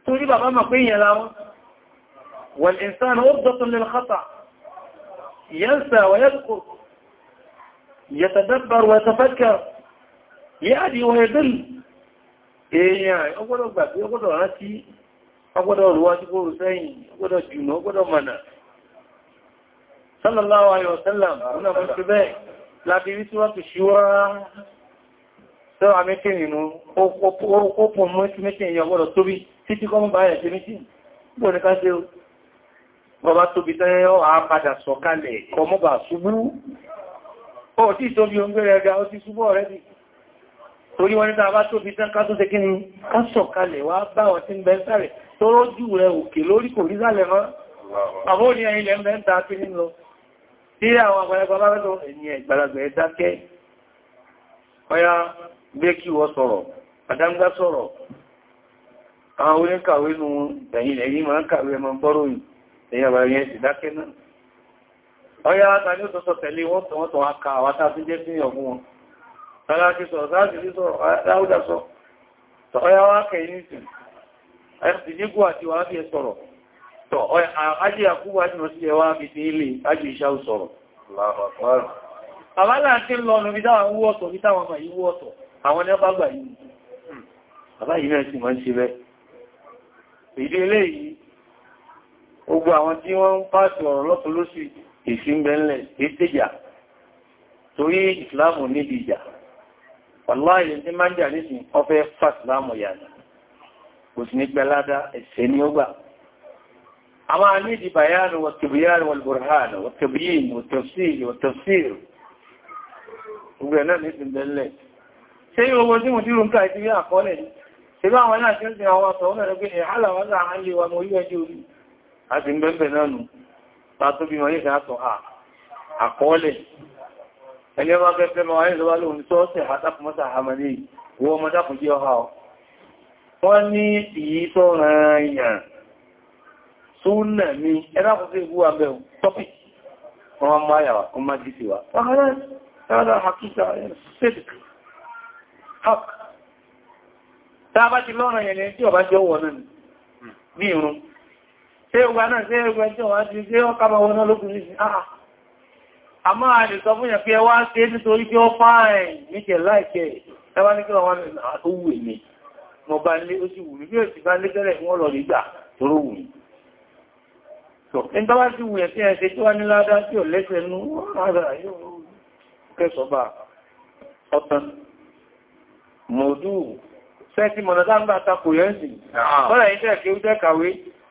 torí bàbá mọ̀ pé ìyẹn láwọn wal insanu ó dọ́tún lil khata yansa wa yadhkur يتدبر ويتفكر يعدي ويدل èèyàn ọgbọ́dọ̀ gbàgbé ọgbọ́dọ̀ rántí ọgbọ́dọ̀ olúwájú kó rùsẹ́yìn ọgbọ́dọ̀ jùnà ọgbọ́dọ̀ mọ̀nà sallallahu alayhi wa sallam ọ̀nà mọ́sí bẹ́ẹ̀ láti rí tí wọ́n ti ṣíwá tó amẹ́kìnrinú ó pọ̀ mọ́sí mẹ́kìnrin ọgbọ́dọ̀ tóbi títí kọ́ mọ́ báyẹ̀ tí mẹ́kìn bọ́ ní ká ṣe ó bọ́bá tóbi tẹ́yẹ́ ọ́ ó tí tóbi oúnjẹ rẹ̀ ga ó ti súbọ̀ rẹ̀ bí torí wọn nígbà bá tóbi tán ká tó tẹ́kí ni ká sọ̀kalẹ̀ wá bá wọn tí ń bẹ sáré tó rójú rẹ̀ òkè lórí kò rí sálẹ̀ mọ́ àbó ní ẹ̀yìn lẹ́ ń bẹ́ ń ta pín lọ tí àwọn àgbàlagbà bá bẹ́tọ̀ ẹ̀yìn ẹ̀gbàlagbà ẹ̀ dákẹ́ ọya gbé kí wọ́n sọ̀rọ̀ àdámgá dákẹ́ náà ọ̀yá wáta ní òtọ́sọ tẹ̀lé wọ́n tọ̀ wọ́n tọ̀ wá ka àwátá tó jẹ́ sínú ọ̀gún wọn tọ́lá ti sọ̀rọ̀ sáàtì ní sọ̀rọ̀ láúdà sọ tọ̀ ọ̀yá wá kẹ̀yìn ìsìn ẹ̀sìdígù àti wà bí sọ̀rọ̀ tọ̀ ajé àkúwà ní ọ̀sí ẹwà bí ti ilé ajé ìṣà sọ̀rọ̀ àbálà tí lọ nù bí táwọn wú ọ̀tọ̀ bí táwọn ọmọ yìí wú ọ̀tọ̀ àwọn ẹni ọba gbà yìí bàbá yìí náà sì máa ń ṣe bẹ́ ìdí eléyìí gbogbo àwọn tí wọ́n ń pàṣẹ ọ̀rọ̀ lọ́pọ̀ lóṣù ìsìnbẹ̀lẹ̀ ìsìjà torí ìsìláàmù níbi ìjà wàláàrí tí máa ń jà nísìn ọfẹ́ fàṣìláàmù yàdà kò sí ní gbẹ́ládá ẹ̀ṣẹ̀ ni ó gbà a máa ní ìdí bayanu wàtàbíyanu wàlbùrhánù wàtàbíyìn wàtàfsíìlì wàtàfsíìlì gbogbo ẹ̀ náà ní ìsìnbẹ̀lẹ̀ ṣe owó tí mo dírò ń ká ìdí àkọọ́lẹ̀ ni ṣe bá àwọn náà ṣe ń sin tó bí wọ́n yìí ṣàtọ̀ àkọọ́lẹ̀ ẹni ọba fẹ́fẹ́ ma wáyé lọ́wọ́ lóhun tó ṣe àtàkùnmọ́sà àmàlì wọ́n mọ́ dákùn jí ọha ọ wọ́n ní ìyí tó ràn yàn súnà ní ẹlákùnfẹ́ ìgbú àbẹ̀ tọ́pì wọ́n máa yàwà kún má jìtì wà Tá a ni ẹgbà náà ṣe ẹgbà tí wọ́n ti ṣe ọkàbà wọn náà lókùn níṣì àà àmọ́ a lè sọ fún yẹ̀ pé ẹ wá ṣe nítorí pé ó fáàìn níkẹ̀ láìkẹ̀ ẹwà ní kí wọ́n tó ah, wù ní mọ̀ bá lé ó sì wù ní bí ó sì bá lé tẹ́lẹ̀ wọ́n lọ nígbà tó rò wù ní ìgbà bá sí wù yẹ̀ tí ẹ ṣe ní ládá tí ò lẹ́sẹ̀ nú kẹsọ̀bà ọ̀tàn mọ̀dú sẹ́ẹ̀tì mọ̀nà dáńgbà takò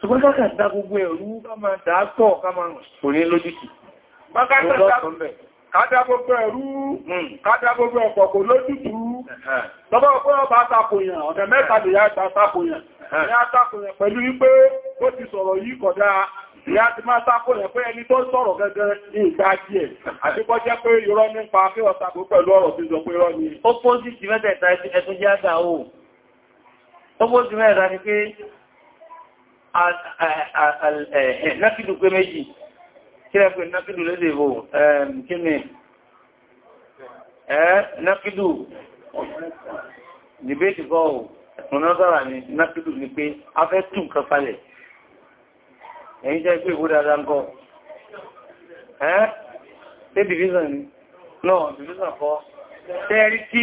ṣùgbọ́n ká kàtà gbogbo ẹ̀rú ká máa dáátọ̀ ká máa hmm. kò ní lójìkì kádá gbogbo ẹ̀rú kádá gbogbo ọ̀pọ̀ kò lójútù lọ́bọ̀ ọ̀pọ̀ ọba àtàkùnyàn ọ̀nà mẹ́ta lè yá àtàkùnyàn ní àtàkùnyàn pẹ̀lú wípé ó ti sọ̀rọ̀ yìí ìyá ti máa sákòyàn pé ẹni tó sọ̀rọ̀ gẹ́gẹ́ ní ìgbà díẹ̀ àti kọ́ jẹ́ pé irọ́ nípa pé ọ̀sàkó pẹ̀lú ọ̀rọ̀ tí sọ pé irọ́ ni ó pósìtì mẹ́tẹ̀ẹ̀ta ẹ̀tún jẹ́ àgbà ó pósìtì mẹ́ta ni nákìdù pé méjì kí lẹ́pẹ̀ nákìdù lédè ìbò kí ni nákìdù dìbéètì bọ́ọ̀ ọ̀nàdára ni nákìdù ni pé a fẹ́ tún nǹkan falẹ̀ ẹ̀yìn jẹ́ pé ìwó dáadáa ń kọ́ ẹ́ ṣé division ni náà division kọ́ tẹ́rí tí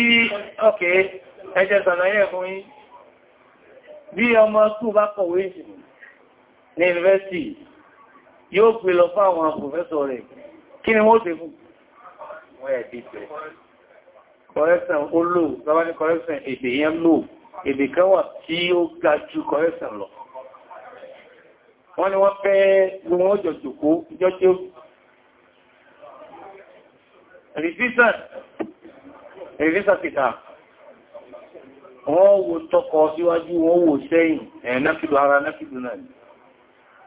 ọkẹ́ ẹjẹ́ sàlàyé fún yín bí ọmọ skú bá kọ̀wé ìsìnkú ní yunifásitì yóò pè lọ fún àwọn pòfẹ́sọ̀ rẹ̀ kí ni wọ́n ṣe fún wọ́n ẹ̀ dìtẹ̀ correction ó lò lọ́wọ́ ní correction èdè yẹn lò èdè kan wà tí ó ga jù correction lọ wọ́n ní wọ́n fẹ́ gbogbo ọjọ́ jòkó ìjọ tí ó revision revision kìtà wọ́n wo tọkọ síwájú wọ́n wo sẹ́yìn ẹ̀ ara náfìdò náà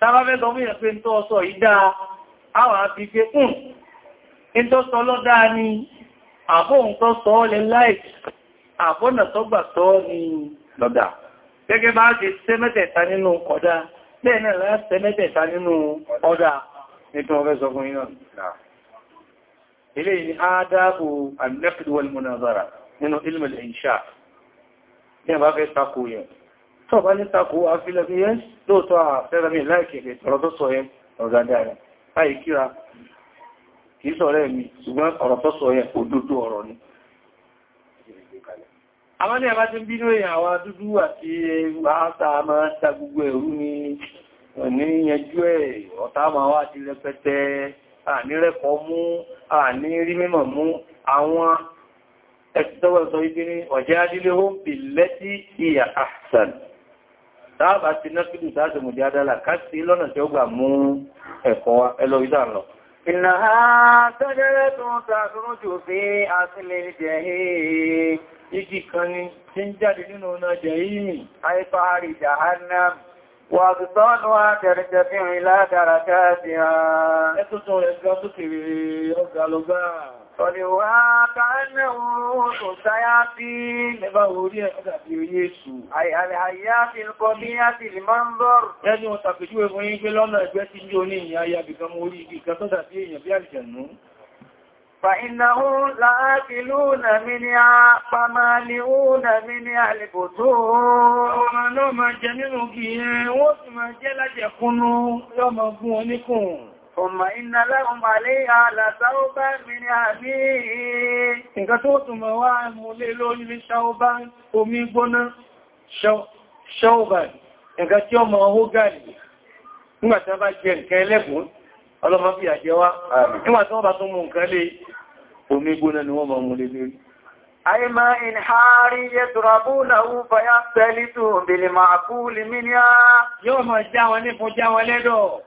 tàbá fẹ́ sọ fún yẹ̀ pé tó ọsọ ìdá àwà fi pé kùn in tó sọ lọ́dá ni àbóhun tó sọ lẹ láì àbọ́nà tó gbà sọ ni lọ́dá gẹ́gẹ́ bá ṣe ṣe mẹ́tẹ̀ẹ̀ta nínú ọ̀dá bẹ́ẹ̀ náà láti ṣe mẹ́tẹ̀ẹ̀ta nínú ọ̀dá ní tọ́ọ̀bá ní takò afílẹ̀bí yẹn lóòtọ́ àfẹ́rẹ́mì láìkèkè ọ̀rọ̀ tó sọ yẹn ọ̀gádà rẹ̀ láì kíra kìí sọ̀rẹ́ mi ṣùgbọ́n ọ̀rọ̀ tó sọ yẹn òdodo ọ̀rọ̀ ni àwọn ní ẹ̀bá ti ń bínú èèyàn àwa dúdú àti àátà máa ń ta ni ní yẹjú ẹ̀ ọ̀tá máa wá ti rẹpẹtẹ ànírẹ́kọ̀ọ́ mú àní rí mímọ̀ mú àwọn ẹ̀sìtọ́wọ́ sọ ibi ní ọ̀jẹ́ adílé hó ń bì lẹ́tí ìyà àṣàn táàbà ti nọ́fíìlù tààtì mùdí adálà káàkiri lọ́nà tí ó gbà mú ẹ̀kọ́ ẹlọ́ìdá lọ. ìnáhá tẹ́gẹ́rẹ́ tó ń tààrùn jù fi àtìlẹ̀ jẹ́ igi kan ni tí ń jáde nínú ọ̀nà jẹ́ yìí àìfàárì jahannam wà tọ́nù àtẹ̀rẹ̀jẹ̀ fi rìn ládàrà Ọ̀dẹ̀wà káàmẹ́ oòrùn tó sáyá sí lẹ́bà orí ẹ̀kọ́dàbí oyé èṣù. Àyà fi ń kọ bí á ti lè máa ń bọ́rù. Ẹni wọn tàbíjú ẹgbẹ́ yí pé lọ́nà ẹgbẹ́ tí ní oní ìyá yàbìkan mú orí ibi kan tó dàbí èèyàn bí àlìjẹ̀nú. فإنهم لآكلون منها فمالئون منها البطون وما نوم جنين وما جلد يكون يوم Ọmọ iná lẹ́rùn màlé àlàsáwọ́bá mìírí àmì nǹkan tó tún mọ̀ wá mú lé lórí ní ṣàwọ́bá omi gbóná ṣàwọ́bá nǹkan tí ọmọ ọhó gàlì nígbàtí wọ́n bá jẹ nǹkan ẹlẹ́gùn ọlọ́mọ fi àjẹ́ wá nígbàtí wọ́n bá tún mú nǹkan lé omi gbóná ni wọ́n mọ̀ mú lé lórí. Àìmá ìnhárí yẹ tùràbú náà fàyá pẹ́lítù bèlè màkúlì mí ní á.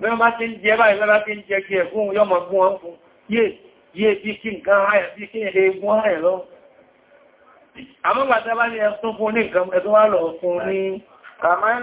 bí wọ́n bá ti ń jẹ báyìí lọ́bá ti ń jẹ kí ẹ̀gún yọmọ gún wọn fún yé yé bí kí nǹkan ayẹ̀ bí kí egun ayẹ̀ lọ àmọ́gbàtà bá ní ẹ̀sùn fún ní nǹkan ẹ̀tún wá lọ fún ní Kàmán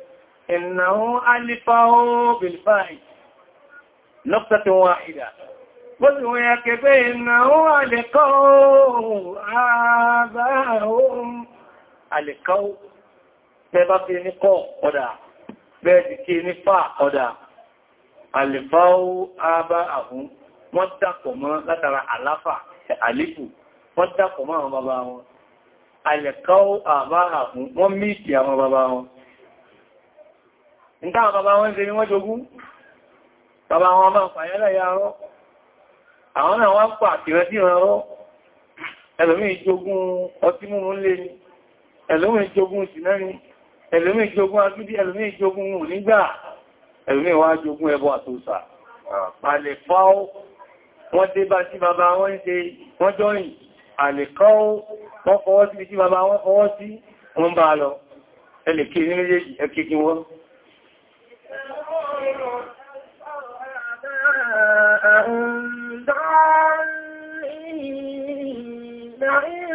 إنه ألفه بالفاء نقطة واحدة قل ويكف إنه ألقوا آباهم ألقوا تبقي نقو قدا بيتكي نفا قدا ألفوا آباهم wọ́n dàpọ̀ mọ́ látara àláfà àlífù wọ́n dàpọ̀ mọ́ àwọn bàbá wọn alẹ̀kọ́ àbá àhùn wọ́n mìí sí àwọn bàbá wọn nítàwọn bàbá wọn ṣe ni wọ́n jogún bàbá wọn máa fàyẹ́lẹ̀ ya rọ́ àwọn náà wọ́n pà tìrẹ sí ìrànrọ́ ẹlòmí jogún ọtí múmú lé ni ẹlòmí jogún ìsìnẹ́ni ẹlòmí jogún agídí ẹlòmí jogún nígbà ẹlòmí wá jogún ẹbọ àtòsà àlèfáó wọ́n dé bá sí bàbá wọ́n ṣe wọ́n jọyìn àlèkọ́ wọ́n fọwọ́ sí bí sí bàbá wọ́n fọwọ́ sí wọ́n bá lọ ẹlẹ̀kẹ́ ní méjèèjì ẹkẹ́kí wọ́n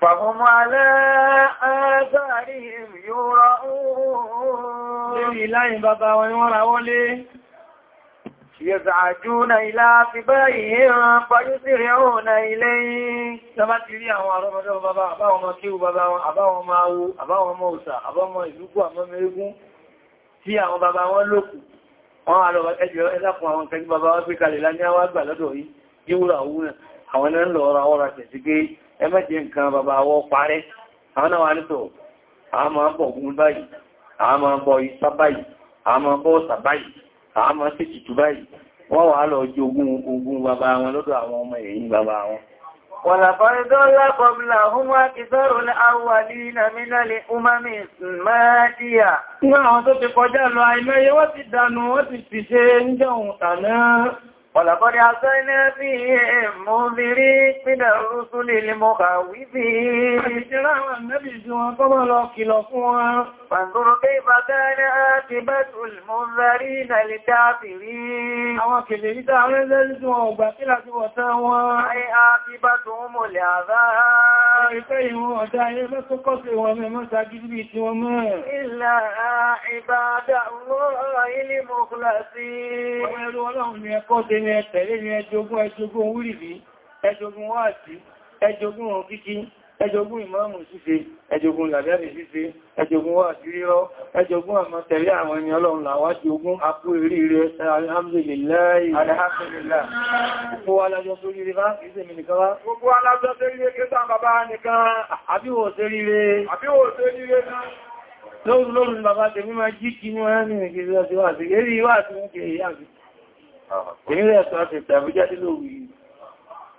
فهم على آثارهم يرعون لي لاي بابا ونورا ولي يزعجون إلى فبائهم فيسرعون إليه Tọba ti rí àwọn àrọ́mọdé bàbá àbáwọn ọmọ kíwù bàbá wọn, àbáwọn ọmọ awó, àbáwọn ọmọ òsà, àbáwọn ọmọ ìlúkú, àmọ́ mẹ́rẹ́gún tí àwọn bàbá wọn lókù. Wọ́n àlọ́ ẹjọ́ ẹlápùn àwọn kẹjú bàbá wọn gbé kalẹ̀ lá ẹ mẹ́jẹ nǹkan bàbá àwọ parẹ́ àwọn náà wà nítò àwọn máa ń bọ̀ ogun báyìí àwọn máa ń bọ ìsá báyìí àwọn máa ń bọ ọ̀sà báyìí àwọn máa ń sì tìtù báyìí wọ́n wà lọ jogún ogun bàbá wọn lọ́dọ̀ àwọn ọmọ èyí bàbá wọn ولقد ضل ولقد عصينا فيهم منذرين من الرسل المخاوفين بشرع النبي جوا طبعا لكلفوا فانظر كيف كان عاقبة المنذرين للكافرين أواكل لتعرض الجوا وباقلة وتوى أي عاقبتهم العذاب إليهم ودائمة قصر ومساجد بيت وما إلا عباد الله المخلصين ويقول لهم يقول ẹ̀tẹ̀lé mi ẹjogún ẹjogún wúrìbí ẹjogún wáàtí ẹjogún òkíkí ẹjogún ìmáàmù ṣíṣe ẹjogún làdáre ṣíṣe ẹjogún wáàtí rírọ́ ẹjogún àmọ́tẹ̀lé àwọn ẹni ọlọ́run làwájú ogún apó èrí rẹ̀ alhamdulillahi alhamdulillah gbogbo alájọ́ tó rí rí bá ìsẹ́ mi nìkan wá gbogbo alájọ́ tó rí rí kí sáà bàbá nìkan àbíwò tó rí rí àbíwò tó rí rí náà lóòrùn lóòrùn bàbá tẹ̀mí máa jí kí ní wọ́n ní ìgbèrè ọ̀sẹ̀ wà sí eré wà sí oúnjẹ ìyá mi Ìrìnlẹ̀ ẹ̀sọ́ àti ìtàbíjáde lórí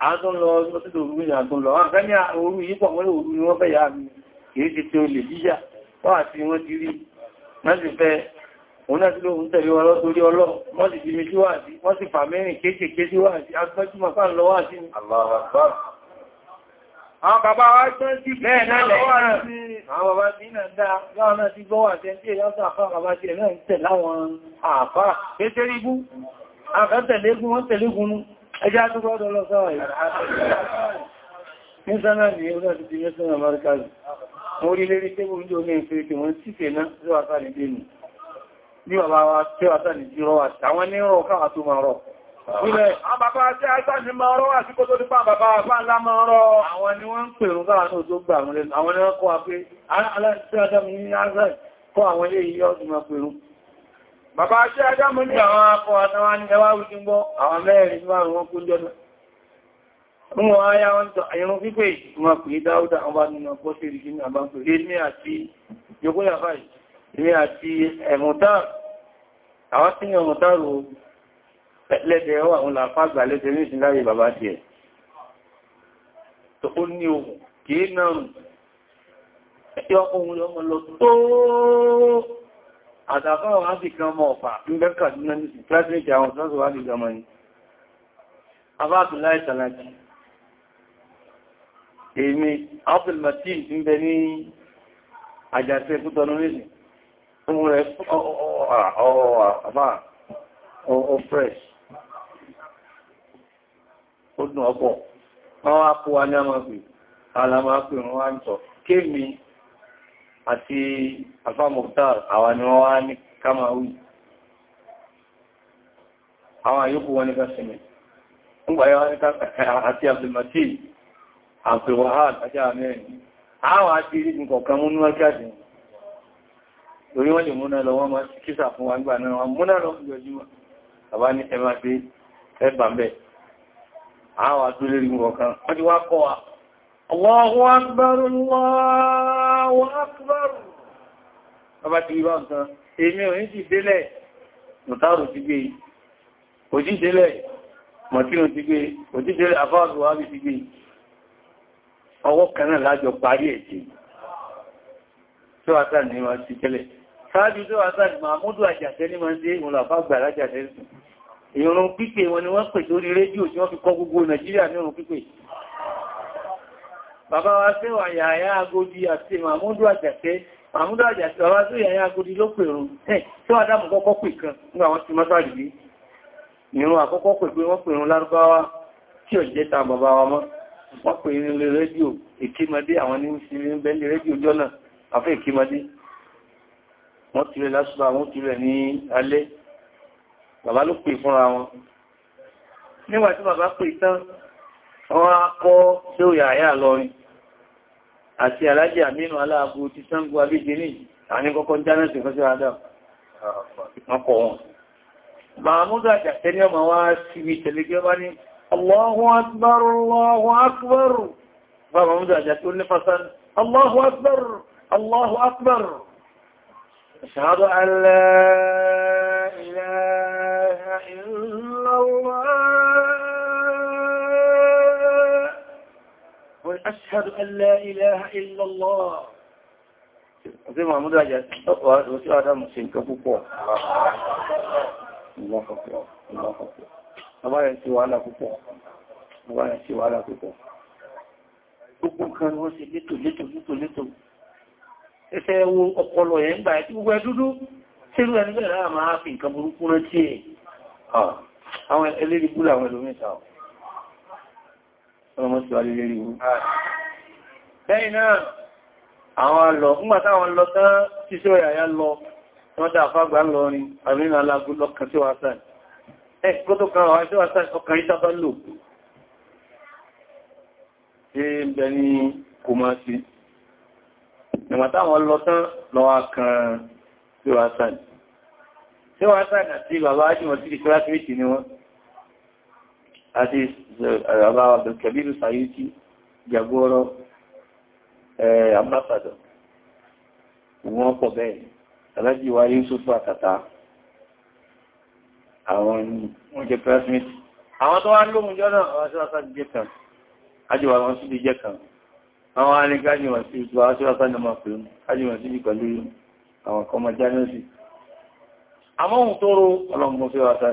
àtúnlọ ọdún lórí ìrìn àtúnlọ. Àfẹ́ ní orú yípo àwọn olóòrú ni wọ́n fẹ́ yà mí, kìí ti tí ó lè jíjà, wọ́n àti wọ́n ti rí, àwọn bàbá wa tán sí bẹ́ẹ̀ náà lẹ́yìn náà àwọn bàbá tí náà dáa láwọn náà ti gbọ́wà tẹ́ tí èyàn sọ àfá bàbá tí ẹ̀ náà ń tẹ̀ láwọn àfá kéterí bú àkàtẹ̀légún wọ́n tẹ̀légún ẹjá tó gbọ́dọ̀ lọ sọ́wọ́ yìí ní sánà ní ẹgbẹ́ ti ti mẹ́sàn àmárikàlù wọ́n rí lérí tébù ní omi ìfẹ́ẹ̀kì wọ́n sì fẹ́ náà tí wà sáà ní dé nù ní bàbá wa tí wà sáà ní jí rọ́wà àwọn ní rọ̀ káwà tó máa rọ̀ ilẹ̀ àbàbà tí a sáà ní kó àwọn ni wọ́n ń pèrò Bàbá aṣẹ́ adámú ní àwọn akọ àtàwọn ẹwà wíjúgbọ́ àwọn mẹ́rin tí wọ́n wọ́n kún jọ́nà. Mú wọn ayá wọn tọ àyẹrún pípé ìtumọ̀ pè dáúdà wọn bá nínú ọkọ́ sí ìrìkí ní àbáǹkò rémi àti yókóyà fàì, èmi àti ẹ̀mùtáàrù. Eh, àwọn tí ní ọmọtáàrù lẹ́dẹ̀ẹ́ wà ń làfá àtàfáwà á sì kan mọ̀ ọ̀pá ń bẹ́kà nínú pẹ́sìrìkì àwọn sọ́sọ̀ wà ní gọmọ ni abáàtù láì sàlájì èmi abdulmatin ti ń bẹ ní àjàṣẹ́ pútọ́nú nílẹ̀ ọmọ rẹ̀ ọ̀ọ̀ fresh ó dùn ọ̀pọ̀ wọ́n wá kó wa ní àmàpè àlàmàpè wọ́n wá ń sọ kéèmì àti afá Mukhtar àwa ni wọ́n wá ní kamawi àwọn àyókù wọn ní kásìmẹ̀ <laughs> ńgbàyà wọn ní àti Abdulmatin Abdulwahab àti àmẹ́rin àwọn àti nǹkan múnú ọjọ́dì lórí wọ́n lè múná lọ wọ́n máa kísà fún wa gbà náà wọ́n múná lọ fún ìjọjúmọ́ àbá ní ẹmà pé ẹgbà mẹ́ àwọn àtúlérí nǹkan wọ́n ti wá kọ́ wa Allahu Akbar Allah Allahu Akbar bàbá ti rí bá ń tán èmi ò ní ti délẹ̀ mọ̀tàrù ti gbé òjí délẹ̀ mọ̀tínú ti gbé òjí délẹ̀ àfáàlù wábí ti gbé ọwọ́ kanáà lájọ parí ẹ̀jẹ̀ tó àtà ní wọ́n ti tẹ́lẹ̀ sáájú tó àtà ní Mahmudu Àjàṣẹ́ ní wọ́n dé ìwọ̀n àfáàgbà lájàṣẹ́ ìrùn pípè wọn ni wọ́n pè lórí rédíò tí wọ́n fi kọ́ gbogbo Nàìjíríà ní ìrùn pípè bàbá wa sí wà yàyà agodi àti mahmudu àjàkẹ́ mahmudu àjàkẹ́ bàbá sí yàyà agodi ló pèrún ẹ̀ tí wà dámù kọ́kọ́ pè kan nígbà wọ́n ti mọ́sá rìbí nínú àkọ́kọ́ pè pé wọ́n pèrún lárúbáwá tí ò jẹ́ta bàbá wa mọ́ wọ́n pè nílé rédíò ìkímọdé àwọn ní ìsinmi bẹ́lẹ̀ rédíò jọ́nà àfẹ́ ìkímọdé wọ́n ti rẹ̀ lásùbà wọ́n ti rẹ̀ ní alẹ́ bàbá ló pè fúnra wọn nígbàtí bàbá pè tán wọ́n á kọ́ tí ó yà áyà lọrin àti alájì àmínú aláàbò ti Ṣàngó abíjì ní àní kọ́kọ́ jánẹ́sì fún sí adam ọkọ̀ wọn mahmud àjàtẹ́ ní ọmọ wá síbi tẹ̀lẹ́gẹ́ bá ní Allahu akbar Allahu akbar bá mahmud àjàtẹ́ ó ní fasan Allahu akbar Allahu أشهد أن لا إله إلا الله زي Mahmoud Ajá ọ̀pọ̀ àti Adamu ṣe nǹkan púpọ̀. Ìlọ́kọ̀pọ̀, ìlọ́kọ̀pọ̀. Bàbá rẹ̀ ti wàhálà púpọ̀. Bàbá rẹ̀ ti wàhálà púpọ̀. Gbogbo nǹkan ni wọ́n ṣe létò létò létò létò. Ẹfẹ́ wo ọpọlọ yẹn gbà ẹ̀ tí gbogbo ẹdúdú sínú ẹni bẹ̀rẹ̀ máa fi nǹkan burúkú rántí ẹ̀. Àwọn ẹlẹ́rìí búlà àwọn ẹlòmíta ọmọ sí wà lórí ìwú. Lẹ́yìn náà, àwọn lọ, ńgbàtá àwọn lọ tán tí ṣó ìyàyá lọ, wọ́n dá àfágbà ń lọ rin, àmìnà alágún lọ́kàn tí wà sáà. Ẹ kó tó kan àwọn tí wà sáà ọkàn yí sábá lò. Ṣé ń bẹ ní kò máa sí? Ìgbàtá àwọn lọ tán lọ kan tí wà sáà. Tí wà sáà àti bàbá ájùmọ̀ sí ìṣẹ́ àti àbá uh, uh, abdulkabiru sayuti jagoro uh, ambassador wọ́n pọ̀ bẹ́ẹ̀ alájíwá yusufu àtàtà àwọn oúnjẹ pressmith àwọn tó wá lóhun jọ́nà àwọn aṣíwáṣá jẹ́ kan ajíwá wọn sí jẹ́ kan àwọn anìkájíwá sí ìgbà aṣíwáṣá ní ọmọ pẹ̀lú ajíwá sí pẹ̀lú àwọn kọmọ jánẹ́sì àmọ́ ohun tó rú ọlọ́mọ fẹ́ wá sáà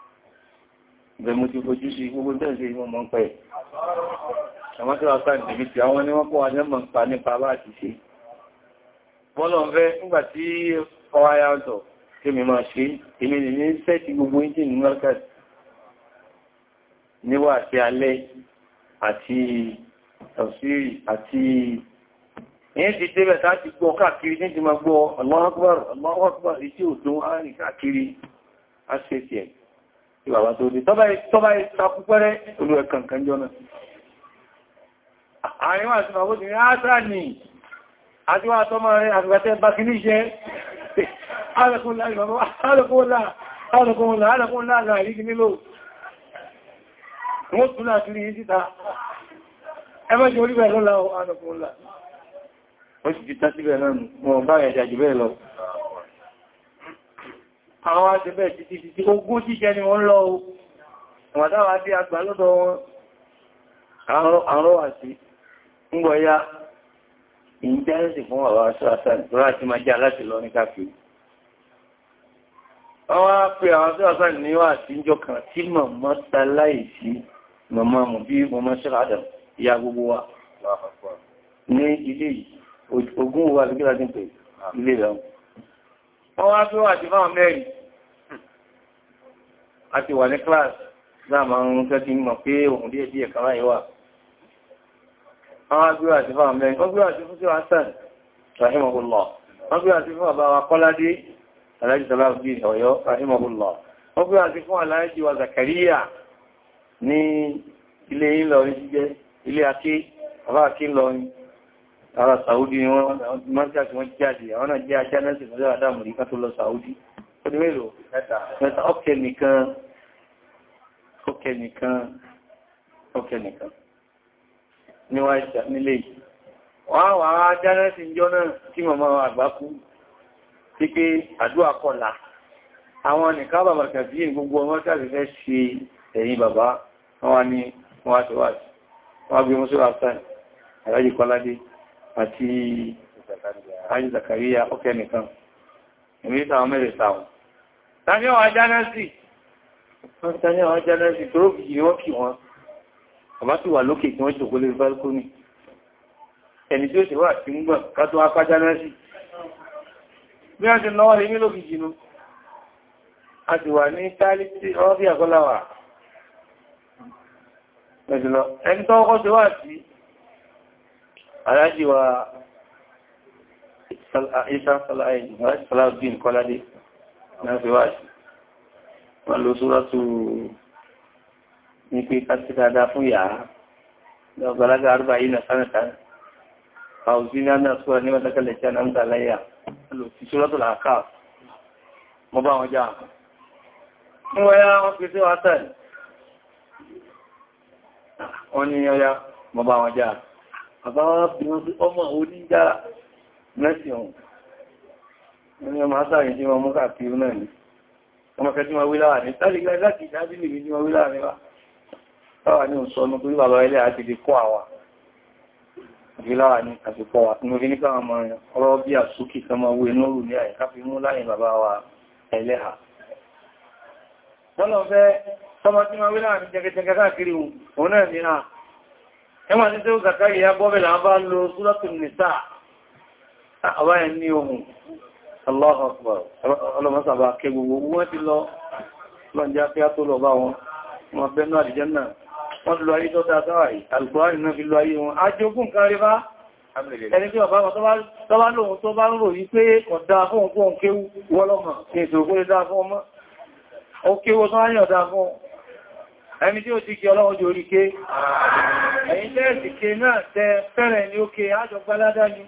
bẹ̀ mo ti fojú sí gbogbo bẹ́ẹ̀ sí ìmọ̀ mọ́ pẹ̀ àwọn tí wọ́n sáà nìbí tí àwọn ni wọ́n kọ́ wájẹ́ mọ̀ pa nípa bá ti ṣe bọ́lọ̀ ń fẹ́ nígbàtí ọwáyá ọ̀tọ̀ tí mi máa ṣe èmi lè ní Akbar Allahu Akbar ìtí òdún àárín káàkiri ìwàwà tó dé tọ́bá ìtàkùpẹ́rẹ́ olú ẹ̀kàn kan jọ náà àríwá àti bàbó ti rí áṣà ní àdíwá tọ́mọ rẹ̀ àgbàtẹ́ bá kí ní ṣe alẹ́kùnlá alẹ́kùnlá alẹ́kùnlá alẹ́kùnlá àríkì nílò wọ́n tún láti rí síta ẹmẹ́jì orí bẹ̀rẹ̀ lọ́la alẹ́kùnlá àwọn àṣẹ́bẹ̀ títí títí ogún jíjẹ ni wọ́n lọ wọ́n dáwà dé àgbà lọ́dọ̀ wọn àrọ́ àti ngbọ̀ya ìjẹ́rẹ́sì fún àwọn aṣọ́ṣà ìtura àti máa jẹ́ aláṣẹ lọ ní káfí wọ́n á pè àwọn aṣọ́ṣà ní wà sí ìjọ kan tí mọ̀mọ́ sáláìsí mọ̀mọ́ mú bí mọ̀mọ́ ṣẹ́ràdàn ìyá gbogbo wa ní ilé yìí ah. ilé ìlànà wọ́n wá tó àti fáwọn mẹ́rin a ti wà ní class dáàmà oòrùn tẹ́ ti mọ̀ pé òun díẹ̀ díẹ̀ kàrá ìwà wọ́n gbé àti fáwọn mẹ́rin wọ́n gbé àti fún sí hassan rahimahullah wọ́n gbé àti fún àbáwa kọ́ládé aláàjì sàbáàbí ọ̀yọ́ rahimahullah wọ́n gbé àti fún aláàjì wa ara Saudi ni wọ́n mọ́sílá tí wọ́n jáde àwọn náà jẹ́ ajá fún dáadáa Amẹ́ríkà tó lọ Saudi ó ní mélòó mẹ́ta ọ̀kẹ́ nìkan ọ̀kẹ́ nìkan ọ̀kẹ́ nìkan níwá ìjà nílé wọ́n wà á ajá náà sì jọ náà tí màmá àgbà kú sí pé àdúrà kọlà àwọn nìkan bàbà kàbí gbogbo ọmọ tàbí fẹ́ ṣe ẹ̀yìn bàbá wọn wá ní wọ́n wá ti wá sí wọ́n gbé mọ́sílá sáì alájì kọládé àti ayé Zakaria ọkẹ́ nìkan ìmìta àwọn mẹ́rin sáwọn tàbí àwọn ajánásì wọ́n tàbí àwọn ajánásì tó rògbì yìí wọ́n kì wọ́n àbá ti wà lókè tí wọ́n jòkó lórí balkoni ẹni tí ó sì wà tí ń gbọ̀n kátó apájánásì bí wọ́n ti náwọ́ lè ní lókè jìnú a ti wà ní tálítí ọ́bí àkọ́láwà ẹni tó ọkọ́ ti wà sí aláàjì wa isa salaudin kọládé náà fi wá sí wọ́n lọ súrọ́tù ní pé kásíkádá fún yàá lọ́gbàlágà arúgbà yìí na sánàtà àwùjí ní àmì àtúwà ní mọ́tàkàlẹ̀ tí a náà ń gbà láyà lọ sí súrọ́tù làákà mọ́ bá wọn já wọ́n wọn já àbáwá fi wọ́n sí ọmọ oníjára mẹ́sì ọ̀hún ní ọmọ asáyìn tí wọ́n mú káàkiri náà ni ọmọ kẹ́ tí wọ́n wí láwà ní tálígbà láti ìdábìlì ní wọ́n wí láwà ní wá láwà ní òṣọ́nù tó bàbá ilẹ̀ àti lè kọ́ àwà ìgbéláwà ní àsìkò wà ní orí nípa ọmọ ọ̀rọ̀ bí àsúkì kan máa wé inú òrùn ní àyíká fi mú láyìn bàbá wa ẹlẹ́ha wọ́n lọ fẹ́ tọ́mọ tí wọ́n wí láwà ní jẹgẹjẹgẹ káàkiri òun náà ní náà ẹmà ní tí ó zakari ya bọ́bẹ̀ là bá lo súratun nìsá àbá ẹ̀ ní ohun Allahu Akbar ọlọ́mọ́sàbà kẹ gbogbo wọ́n ti lọ lọ́njá fíà tó lọ bá wọn wọn bẹ́nu àdìjẹ́nà wọ́n ti lọ ayé tó dáadáa yìí alùgbọ́n ìná fi lọ ayé wọn ajogun kárí bá ẹni tí ọba wọn tó bá lóhun tó bá ń rò yí pé ọ̀dá ẹni tí ó ti kí ọlọ́wọ́ jò orí ké ẹ̀yìn tẹ́ẹ̀sì ké náà tẹ fẹ́rẹ̀ ní ó ké ájọ gbáládá ní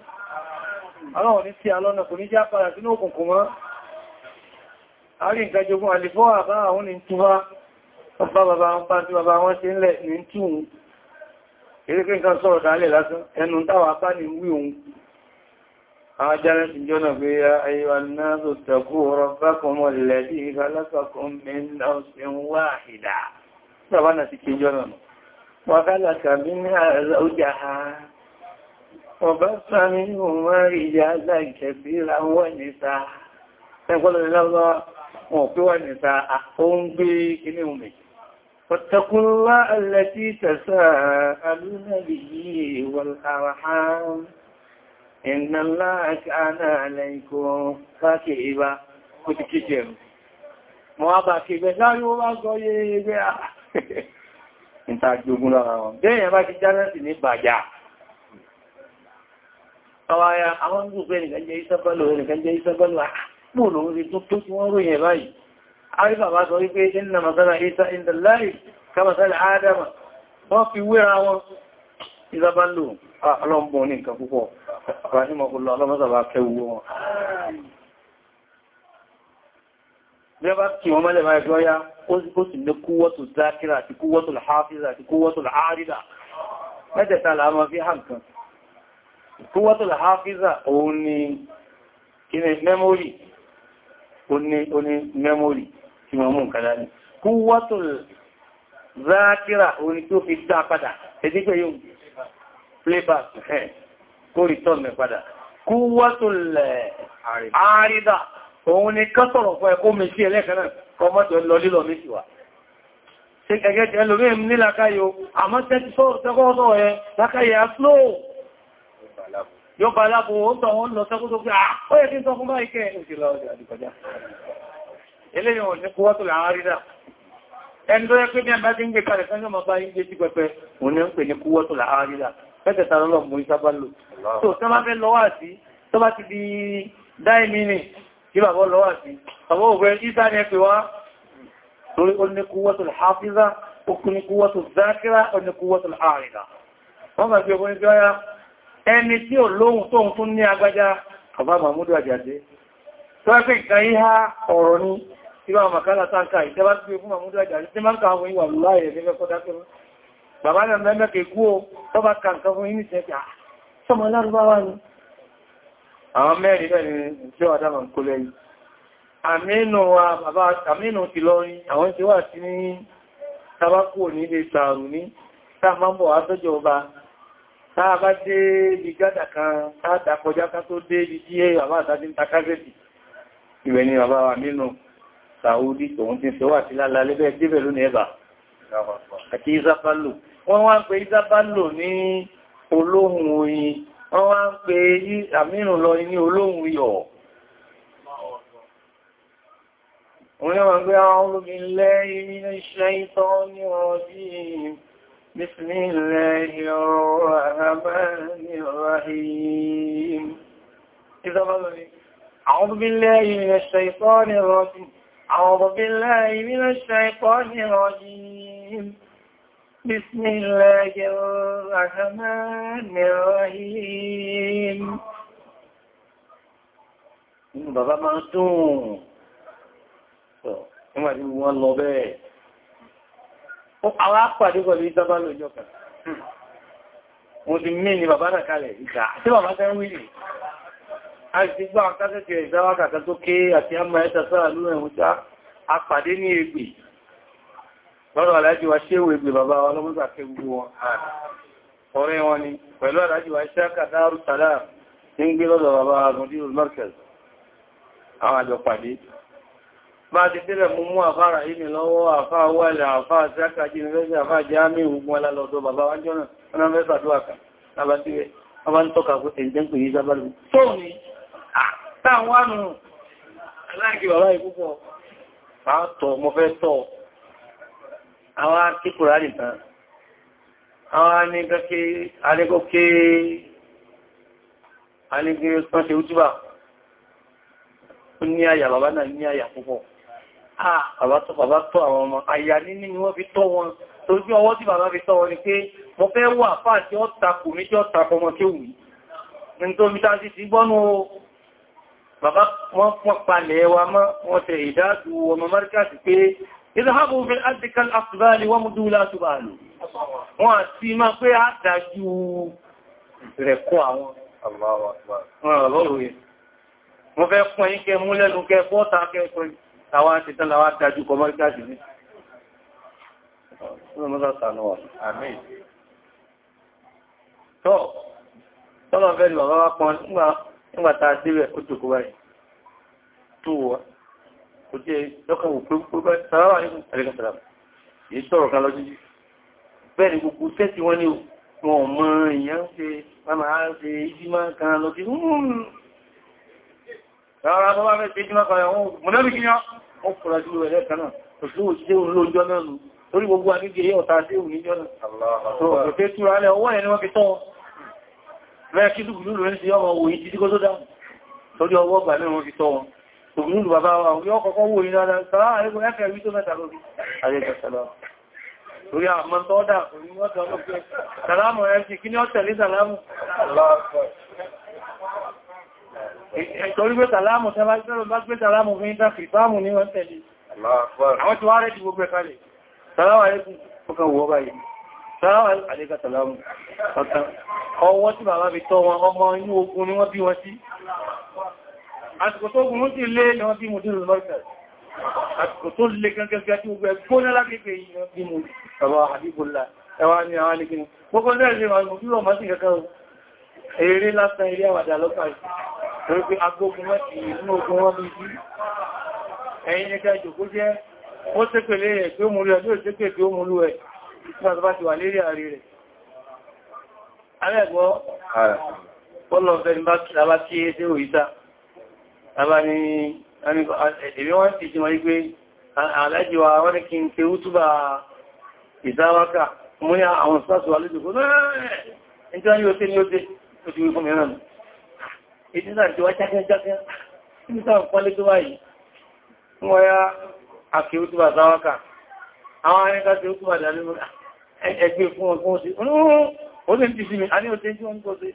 ọlọ́wọ́ ní tí alọ́nà kò ní já padà sínú òkùnkùn mọ́ àárí nǹkan jogún àlìfọ́ àbá àwọn ní túnwá ọba bàbá wọn bá tí bàbá wọn ṣe ń lẹ̀ ní túnwú erékè nǹkan sọ̀rọ̀ dálẹ̀ lásán ẹnu táwà bá ní wí òun àwọn jẹ́rẹ́ ti jọ́nà pé ayíwa náà tó tẹ̀kú rọ bákan mọ̀ lẹ́bí ìfẹ́lẹ́sọ̀kún mẹ́rin náà ṣe ń wáhìdá bàbá náà sì kéjọ́ náà wọ́n kálàkà bí ní àrà ọjà ha ọba sami ìhùnmọ́ ìyá aláìkẹ̀bíra wọ́n nìta ẹgbọ́lọ̀ lọ́wọ́ wọn pé wọ́n nìta àkóhun gbé inú mi fọ́tàkùnlá alẹ́tí tẹ̀sà alúnàbìyí wọ́n Inna Allah kana alaykum fakiba kuti kijem. Mo aba kibe ẹgbẹ́ àà <laughs> níta jogun lára wọn bẹ́ẹ̀ bá ti jánẹ́sì ní bàjá àwọn ará àwọn gbogbo ẹnìkan jẹ́ ìsọ́bọ́lù ẹnìkan jẹ́ ìsọ́bọ́lù àpòlò orí tó tó tí wọ́n ròyìn báyìí àrífà bá sọ wípé iná masana isa indalari kamasala adama wọ́n fi wéra wọn ìsọ́bọ́lù ah, ọlọ́mbọ̀n ní bá kí wọ́n mẹ́lẹ̀ máa ẹgbọ́ ya ó sì ní kúwọ́tù zákírà àti kúwọ́tù hafiza àti kúwọ́tù àrídà mẹ́tẹ̀ta láàmà fi hàn kan kúwọ́tù hafiza òun ni kíni mẹ́mórì oní mẹ́mórì tí wọ́n mú nǹkan dání kúwọ́tù zákírà òun tó fi dá padà ẹ̀dígbẹ̀ yóò playback kó rìtọ́ọ̀mẹ̀ padà kúwọ́tù àrídà òun ni kán sọ̀rọ̀ fún ẹkó mi sí ẹlẹ́kanáà kọmọ́jọ lọ lílọ méjì wá ṣe gẹ́gẹ́ jẹ́ lórí èmì ní lákàyò àmọ́ tẹ́tí sọ́rọ̀ tẹ́kọ́ọ́sọ́ ẹ lákàyè àfló yóò bá lábò ó tọ̀ wọ́n lọ sẹ́kútó pé ah, ó yẹ kí n sọ fún báyìí kẹ́ eléyìn òní kó wọ́tò làwọn àrídà ẹni tó yẹ pé bí ẹ̀mà ti ń gbé kalẹ̀ fẹ́ lọ́mọ bá ń gbé sí pẹpẹ òní ń pè ní kó wọ́tò làwọn àrídà fẹ́tẹ̀ta lọ́lọ́ mú ìsábálò tó tọ́ bá fẹ́ lọ́wọ́ àti tó bá ti di dáìmínì kí bàbá lọ́wà sí àwọn òfin ìsá ní ẹ̀pẹ̀ wá lórí ó ní kúwọ́tù hafiza ó ní kúwọ́tù zákírá ó ní kúwọ́tù àrìdà wọ́n bá fi ọkùnrin tí ó yá ẹni tí ò lóhun tóhun tún ní agbájá bàbá mahmudu àjàdé tó ẹ́ pé ìkan yíha ọ̀rọ̀ ni tí wọ́n makala táǹkà ìjọba ti fi fún mahmudu àjàdé tí máa ń ka ìwà láàyè ní fẹ́kọ́ bàbá náà mẹ́mẹ́kẹ́ àwọn mẹ́rin mẹ́rin tí ó àdámà ń kó lẹ́yìn àmínú wa bàbá àmínú ti lọ rí àwọn tí wà sí ní tabakú ní ilé sàárù ní sáàmàbọ̀ àtọ́jọ́ ọba táà bá dé ibi gádà kan táàdà kọjá ká tó dé ibi tí ẹ bàbá àtàdé ń ta kásẹ̀tì ìwẹ̀ ni bàbá wa nínú sàúdí tòun ti fẹ́ wà sí lálá lẹ́bẹ̀ẹ́ débẹ̀ lónìí ẹ̀bà àti ìzápálò wọ́n wá ń pe ìzápálò ní olóhun oyin wọ́n wá ń pè yí àmínú lọ ní olóhun yọ̀ òun yọ́ gbé أعوذ بالله من الشيطان الرجيم بسم الله الرحمن الرحيم إذا بلني أعوذ بالله من الشيطان الرجيم أعوذ بالله من الشيطان الرجيم بسم الله الرحمن الرحيم bàbá máa dùn nígbà tí wọ́n lọ bẹ́ẹ̀ àwọn àpàdé pẹ̀lú ìdábá lójọ́ kan wọ́n ti mí ni bàbá nàkalẹ̀ ìgbà tí bàbá tẹ́ ń wílì a ti gbá àkásẹ̀kẹ̀ ìdáwákàkà tó ké àti àmà ẹ́ta sáà lórí ẹ̀wọ̀n lọ́dọ̀ aláàjì wa ṣéwò ìgbè bàbá wa lọ́gbọ́gbà kí gbogbo wọn ààrẹ ọ̀rẹ́ wọn ni pẹ̀lú aláàjì wa ṣáka dáàrù sàlá ní gbé lọ́dọ̀ bàbá agundínú markaz àwọn àjọ pàdé bá ti tẹ́lẹ̀ mú mú àfára ìmì lọ́wọ́ àfá wàlẹ̀ àfá ṣáka jínigbẹ́sì àfá jámì ogun alálọ́dọ̀ bàbá wa jọ́nà ọ̀nà mẹ́fà tó àkà lábátíwẹ́ wọ́n bá ń tọ́ka kó tẹ̀jẹ́ ń pè yí sábàlù tó ní àtàwọn àrùn aláàkì bàbá ìpúpọ̀ àwọn akíkùrá nìkan àwọn anìkàkí anìkókè anìkí tán ṣe útúbà ní àyà bàbá náà ní àyà púpọ̀ bàbá tó bàbá tó àwọn ọmọ àyà níní ni wọ́n fi tọ́ wọn tójú ọwọ́ tí bàbá fi tọ́ wọn ni pé mo fẹ́ wà fáà tí ó takò mí tí ó takò ọmọ tí ó wù ní tó mi tá sí sí gbọ́nù bàbá wọ́n pọ̀ palẹ̀ wa mọ́ wọ́n tẹ̀ ìdádù ọmọ márkàtì pé ìdáhàbò fi article asibali wọ́n mú dúlá ṣubàlù wọ́n àti máa pé a dájú rẹ̀ kún àwọn wọ́n fẹ́ fún ẹ̀yìn kẹ mú lẹ́nu kẹ bọ́ta kẹ́kọ́ àwọn àti tán láwá dájú kọmọ́ríkà jù ní Tọ́lọ̀ fẹ́ ni bàbá wá pọn nígbàtà síbẹ̀ ó tòkó báyìí. Tó wọ́n kò jẹ́ lọ́kàn wò pé pé báyìí sàrà ní àríkàn sàrà èyí sọ̀rọ̀ kan lọ́jọ́ yìí bẹ́ẹ̀ ni gbogbo tẹ́sí wọn ni wọn ò mọ èèyàn ṣe máa ṣe ìjímá kan lọ sí rárá tó bá fẹ́ ṣe ìjímá kan ẹ̀wọ̀n mọ̀lẹ́bí kí yán ó fura jù rẹ̀ lẹ́ẹ̀kan náà kò sí òṣìṣẹ́ òun lóòjọ́ náà nù torí gbogbo àníjẹ yẹ́ ọ̀ta sí òun níjọ́ náà tó ọ̀pẹ́ túra lẹ́ ọwọ́ ẹni wọ́n fi tọ́ rẹ̀ kí lùgbùlù rẹ̀ ń ṣe ọmọ òun ìjídíkó tó dáhùn torí ọwọ́ Tòmúlù bàbá wa yóò kọ́kọ́ wò iná rẹ̀ sáà ẹgbẹ́ ẹ̀fẹ́ wí tó mẹ́ta lórí. Àrẹ́gbẹ̀sẹ̀lá. Torí àmọ́ tọ́dà kò ní wọ́n tọ́lọ́ pé. Sàlámù ẹ̀ sí kí ní ọ̀tẹ̀lé sàlámù. Torí pé sàlámù tẹ́ bá gbé sàlámù fún ìdá fìfáàmù ní wọ́n tẹ̀lé. Àwọn tí wá rẹ̀ ti gbogbo ẹ̀ kalẹ̀. Sàlámù ẹ̀kùn fọ́kàn wọ́ báyìí. Sàlámù àlẹ́gà sàlámù. Ọwọ́ tí bàbá fi tọ́ wọn ọmọ inú àsìkò tó gùn sí lé ni wọ́n tí mo dínú lọ́ìsẹ̀ àsìkò tó lè gẹ́gẹ́gẹ́ tí gbogbo ẹgbóná lágbègbè yìí mo bàbá àdíbòlá ẹwà ni àwọn alẹ́gbẹ̀ ni gbogbo lẹ́rẹ̀ wọn mo bílọ̀ máa sí kankan eré lásán eré àwàdà lọ́pàá torí pé agbógun mẹ́sì inú ogun wọn bí sí ẹ̀yìn ní kẹjọ kó jẹ́ ó sépèlé rẹ̀ pé ó mú rẹ̀ tàbá ní ẹ̀bí wọ́n ti jí wọ́n pé alájíwa wọ́n ní kí n ké útúbà ìdáwákà mú ní àwọn sọ́tù alójúkú àwọn arìnrìnká tí ó túbà dà nínú ẹgbẹ́ fún ọgbọ́n sí oòrùn ó lè ti sí mi a ní òtẹ́jú wọn kó sí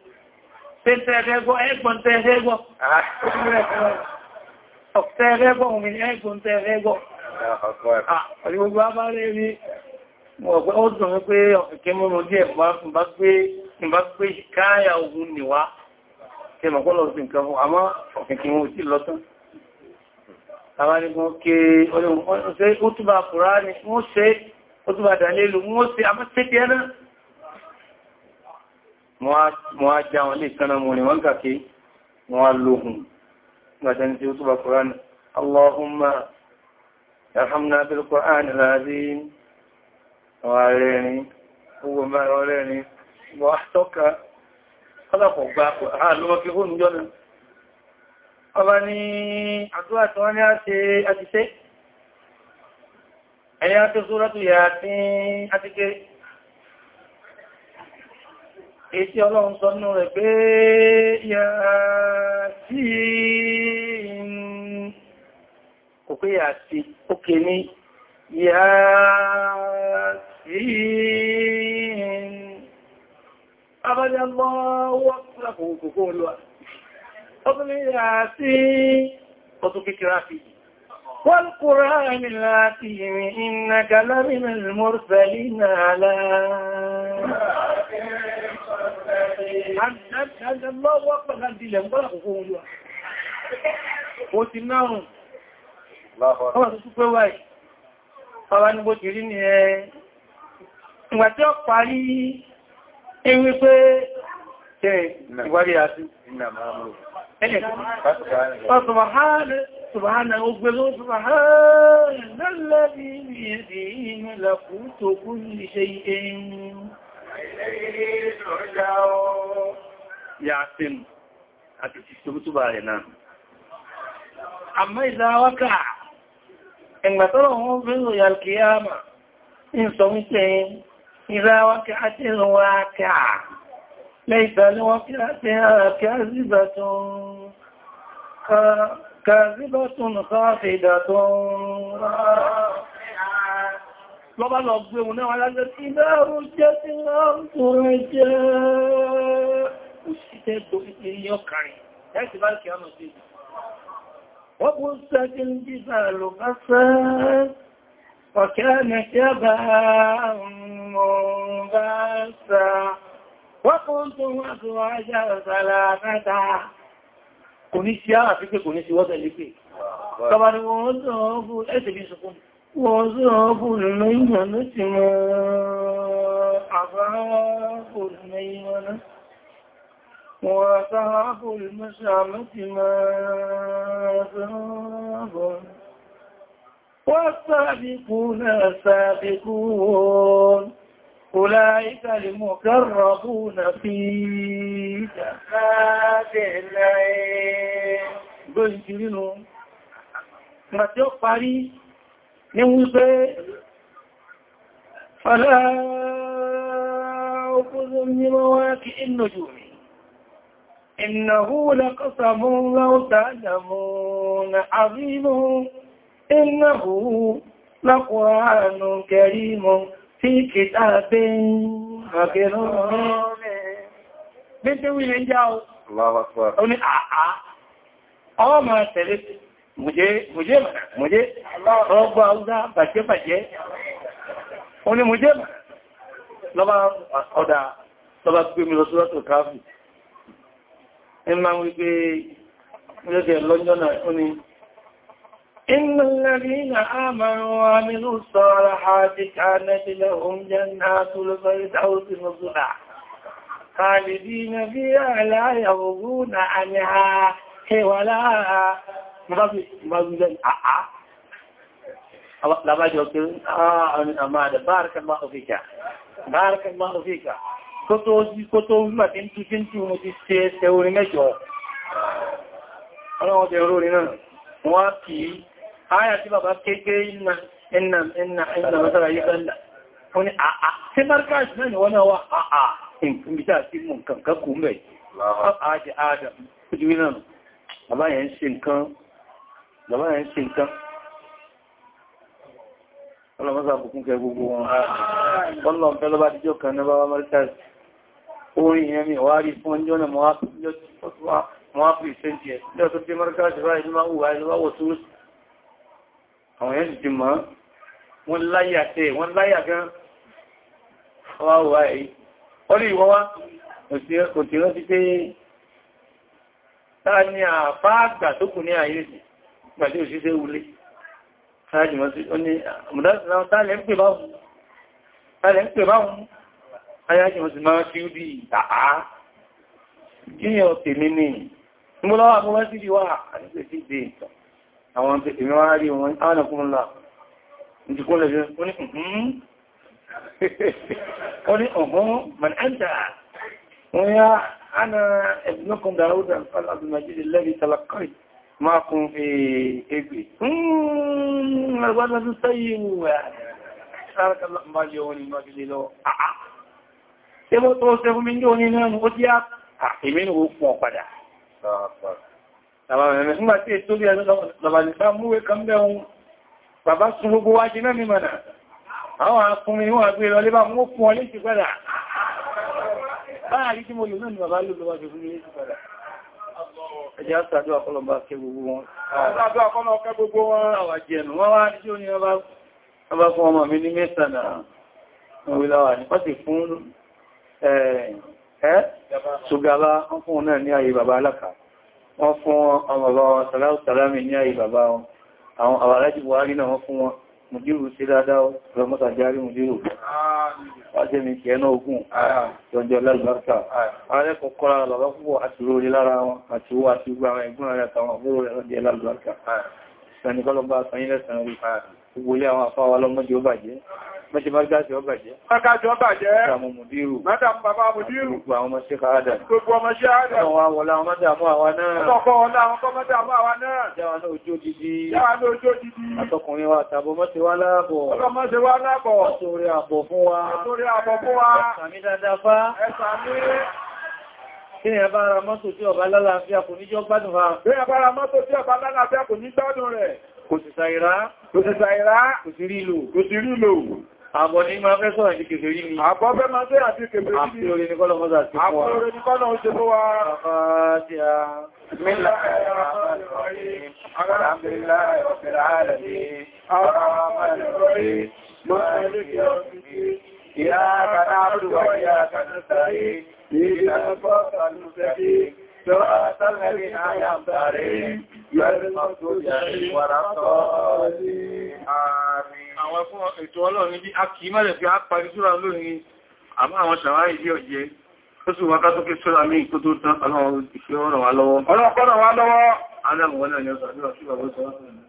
tẹ́ẹ̀rẹ́gbọ́ ẹgbọ́n tẹ́ẹ̀rẹ́gbọ́ ọ̀tẹ́ẹ̀rẹ́gbọ́ òmìn ẹgbọ́n tẹ́ẹ̀rẹ́gbọ́ ọ̀rẹ́gbogbo abárẹ́ rí ọ̀pẹ́ ó dùn pé ọ̀kẹ́ mọ́rún díẹ̀ bá pé káyà ogun níwá tí mọ̀kọ́lọ̀ sí nǹkan fún àmọ́ ọ̀kẹ́kẹ́ wọn ò tí lọ́tán àwárígun kí ó túbà kùrá ní wọ́n ṣe ó túbà dànílù wọ́n ṣe àmọ́ tẹ́tẹ́ náà wọ́n á já wọn lè kánà mú ní wọ́n kàkí wọ́n á lóhun gbàtẹni tí ó túbà kùránì Allahumma yarhamna bil Qur'an al-azim wọ́n rẹ̀rin owó mẹ́rọ rẹ̀rin wọ́n tọ́ka ọlọ́pọ̀gbà àlọ́wọ́fí hún jọ́nà ọba èsì ọlọ́run sọ nínú rẹ̀ pé yà sí kò pé yà sí ó ké ní yà sí abájá lọ wọ́pùlá kò kòkó olúwa ọdún yà sí ọdún kékeré àti والقرآن العتيم إنك لمن المرسلين على lọ́wọ́ pẹ̀láti ilẹ̀ mọ́lá ó ti náàrùn ọwọ́ tó túnpẹ́ wáyé ọwá ní bó ti rí ní ẹ ìgbà tí ó parí ewé pé tẹ́ ìwárí àti Subhana ogbèrè Subhana lẹ́lẹ́bí ìrìn ìlàkú tó kú ní ṣe ẹ̀yìn. Yàfin àti tìtòbútúbà rẹ̀ náà. Àmọ́ ìdáwákà, ẹgbàtọ́rọ̀ wọn bí i ròyà kìíyàmà, ń sọ wípé ìdáwákà àti ìrọwákà lẹ́ìtà ní wọ́n kí láti kàzíbàtún kàzíbàtún kàfìdàtún lọ́bá lọ gbé òun náà alájẹ́ tí bẹ́rù jẹ́ tí lọ́rùn jẹ́ òṣìṣẹ́ tó fi ti yọ kàrin láti bá kí ọmọ sí wọ́n kún sẹ́kí ń jíta lò bá fẹ́ ọ̀kẹ́ mẹ́kẹ́ bá mọ̀ bá sá wọ́n kún tó wọ́n tó wájá ọ̀sàlá mẹ́ta kò ní sí àfikẹ́ kò ní sí wọ́tẹ̀ lé وأصحاب الميمنة ما أصحاب الميمنة وأصحاب المشأمة ما أصحاب والسابقون السابقون أولئك المكربون في جنات الليل. Gbé ìjìrínú, mà tí ó parí ní wípé fàlá ọkùnrin ní mọ́wá kí inú jù rí ìnáhú lọ́kọ́sàmún láwọ́ta àdàmún àbínú ìnáhú lọ́kùnrin kẹrìmọ̀ tí kìtà bí àkẹrọ rẹ̀ bí tí wí ní jáò ọmọ tẹ̀lé muje muje muje ọgbọ́ àúdá bàjẹ́ bàjẹ́ o ní muje lọ́bá ọ̀dá lọ́bá gbé mi lọ sí lọ́tọ̀ káàfì ẹ máa ń wípé lọ́jẹ́ lọ́jọ́ náà ó ní إن الذين آمنوا وعملوا الصالحات كانت لهم جنات الفردوس نزلا خالدين فيها لا يرضون عنها labájọ́ pé ah, àmà àdà bárakà máa òfíkà bárakà máa òfíkà kó tó sí kó tó wímà tí ń tú sí ń tú mo ti ṣe ẹsẹ̀ orin mẹ́jọ ọlọ́wọ́ bẹ̀rẹ̀ orin náà wọ́n kì í ayà tí bàbá kéèké iná iná iná iná mọ́sára yí kọ́ndà wọ́n ni àà tí markash náà ni wọ́n náà wà àà nǹkan bí sáà sí mú nǹkan kankú mẹ́ bàbá rẹ̀ ṣe nǹkan ọlọ́mọ́sá bùkún kẹ gbogbo wọn ọlọ́mọ́fẹ́ lọ́bá díjọ́ kan ní bàbá mẹ́rìtàs orí ìyẹn mi wá rí fún ọjọ́ náà mọ́ ápù ìṣẹ́ntì ẹ̀ ní ọ̀tọ́ tí mẹ́rìtàs báyìí ló máa wù wáyé lọ́wọ́ wọ̀ túrú àwọn yẹn ti mọ́ wọ́n láyà tẹ́ wọ́n láyà gan àfáàgbà tó kù ní àyè pàdé òṣìṣẹ́ wulé ṣáàjì mọ́sí ó ní mọ̀dásíláwọ́ tààlẹ̀ ń pè báhùn ayájì mọ́sí máa fi ó di àá jíyàn tèmi ní ìmúlọ́wà mọ́wá sí ìwà àníṣẹ́ sí ìdè ìtàn àwọn èmi wá rí wọn àwọn ọkùnrin lọ ìjìkúnlẹ̀ jẹ́ ó ní ọ̀hún ó ní ọ̀hún mọ̀nẹ́ntà wọ́n yá ana ẹ̀bùnúkùn dáúdà alàbìmọ̀jílẹ̀ lẹ́rí talakọ́ì máa kún ẹgbẹ̀. Àgbàlọ́dún sáyé mú wà. Sárakàlá máa yọ wọn nínú abílé lọ. Àá. Ṣé mọ́ tó ṣe fún mi ní oní náà ó tí á ìmí ní òkun ọ̀padà. Nígbà tí ètò bí àjọ́lọ́bàlìfà múwé kan bẹ́ ohun, bàbá sun gbogbo wá jẹ mẹ́rin mọ̀nà. Àwọn akúnmi ni wọ́n àgbé lọ lébà mú fún ọ lé ti padà. Báyà rí tí mo lò ẹjẹ́ àṣàdó àkọlọ̀bá kẹ gbogbo wọn. Àṣàdó àkọlọ̀bá kẹ gbogbo wọn. Àwà jẹnu, wọ́n wá ní tí ó ní ọba fún ọmọ mi ní mẹ́sànà òwìláwà ní pàtí fún ẹ́ ṣùgbàlá wọ́n fún náà ní ayé bàbá alákà. Wọ́n fún ọmọ bàbá Sàláwù Sàlámì ní ayé bàbá wọn. Àwọn ọjọ́ mi kẹ́ náà ogun jọjọ lẹ́lọ́ta ààrẹ kọ̀kọ́ra lọ́rọ̀ púpọ̀ àti rórí lára wọn àti owó àti gbogbo àwọn ẹ̀gbọ́n rẹ̀ àtàwọn àbúrò rẹ̀ lọ́jẹ́ lẹ́lọ́ta Mẹ́ṣe mọ́ṣáṣí ọba jẹ́. Mọ́ṣáṣí ọba jẹ́. Mọ́ṣàmù mùdírù. Mọ́ṣàmù bàbá mùdírù. Gbogbo àwọn ọmọ ṣe káàdà. Gbogbo ọmọ ṣe àádà. Àwọn awọ̀lá àwọn mọ́dàmú àwa náà. Ọkọ̀ ọ̀lá àwọn kọ́ mọ́dàmú àwa náà. Jáwa náà ojú dídí. Jáwa náà ojú dídí. Àtọkùnrin wa tàbọ̀ mọ́ṣe wá láàbọ̀. Ọlọ́mọ́ṣe wá láàbọ̀. Ọ̀ṣọ́rí àbọ̀ fún wa. Ọ̀ṣọ́rí àbọ̀ fún wa. Ẹ̀sàmí dáadáa fá. Ẹ̀sàmí Kí ni ẹbá ara mọ́tò tí ọba lálàáfíà kò ní jọ gbádùn ha? Bí ẹbá ara mọ́tò tí ọba lálàáfíà kò ní gbádùn rẹ̀. Kò sì sàìrá. Kò sì sàìrá. Kò sì rí ìlò. Kò sì rí ìlò. Àbọ̀ ní máa fẹ́ sọ̀rọ̀ ìdíkè fèrí ni. Àbọ̀ fẹ́ máa fẹ́ àti ìkèfèrí ni. Àbí orí ní kọ́lọ̀ mọ́sà ti fún wa. Àbọ̀ orí ní kọ́lọ̀ oúnjẹ fún wa. Bàbá ti a. Mílá ẹ̀rọ Àmín àwọn fún ètò ọlọ́run níbi a kìí mẹ́rẹ̀ fi a parí súra lónìí àmọ́ àwọn ṣàwárí ilé ọ̀jẹ́ ó sì wákà tó kí súra mí tó tó tán ọlọ́run ìfẹ́ ọ̀rọ̀ wá lọ́wọ́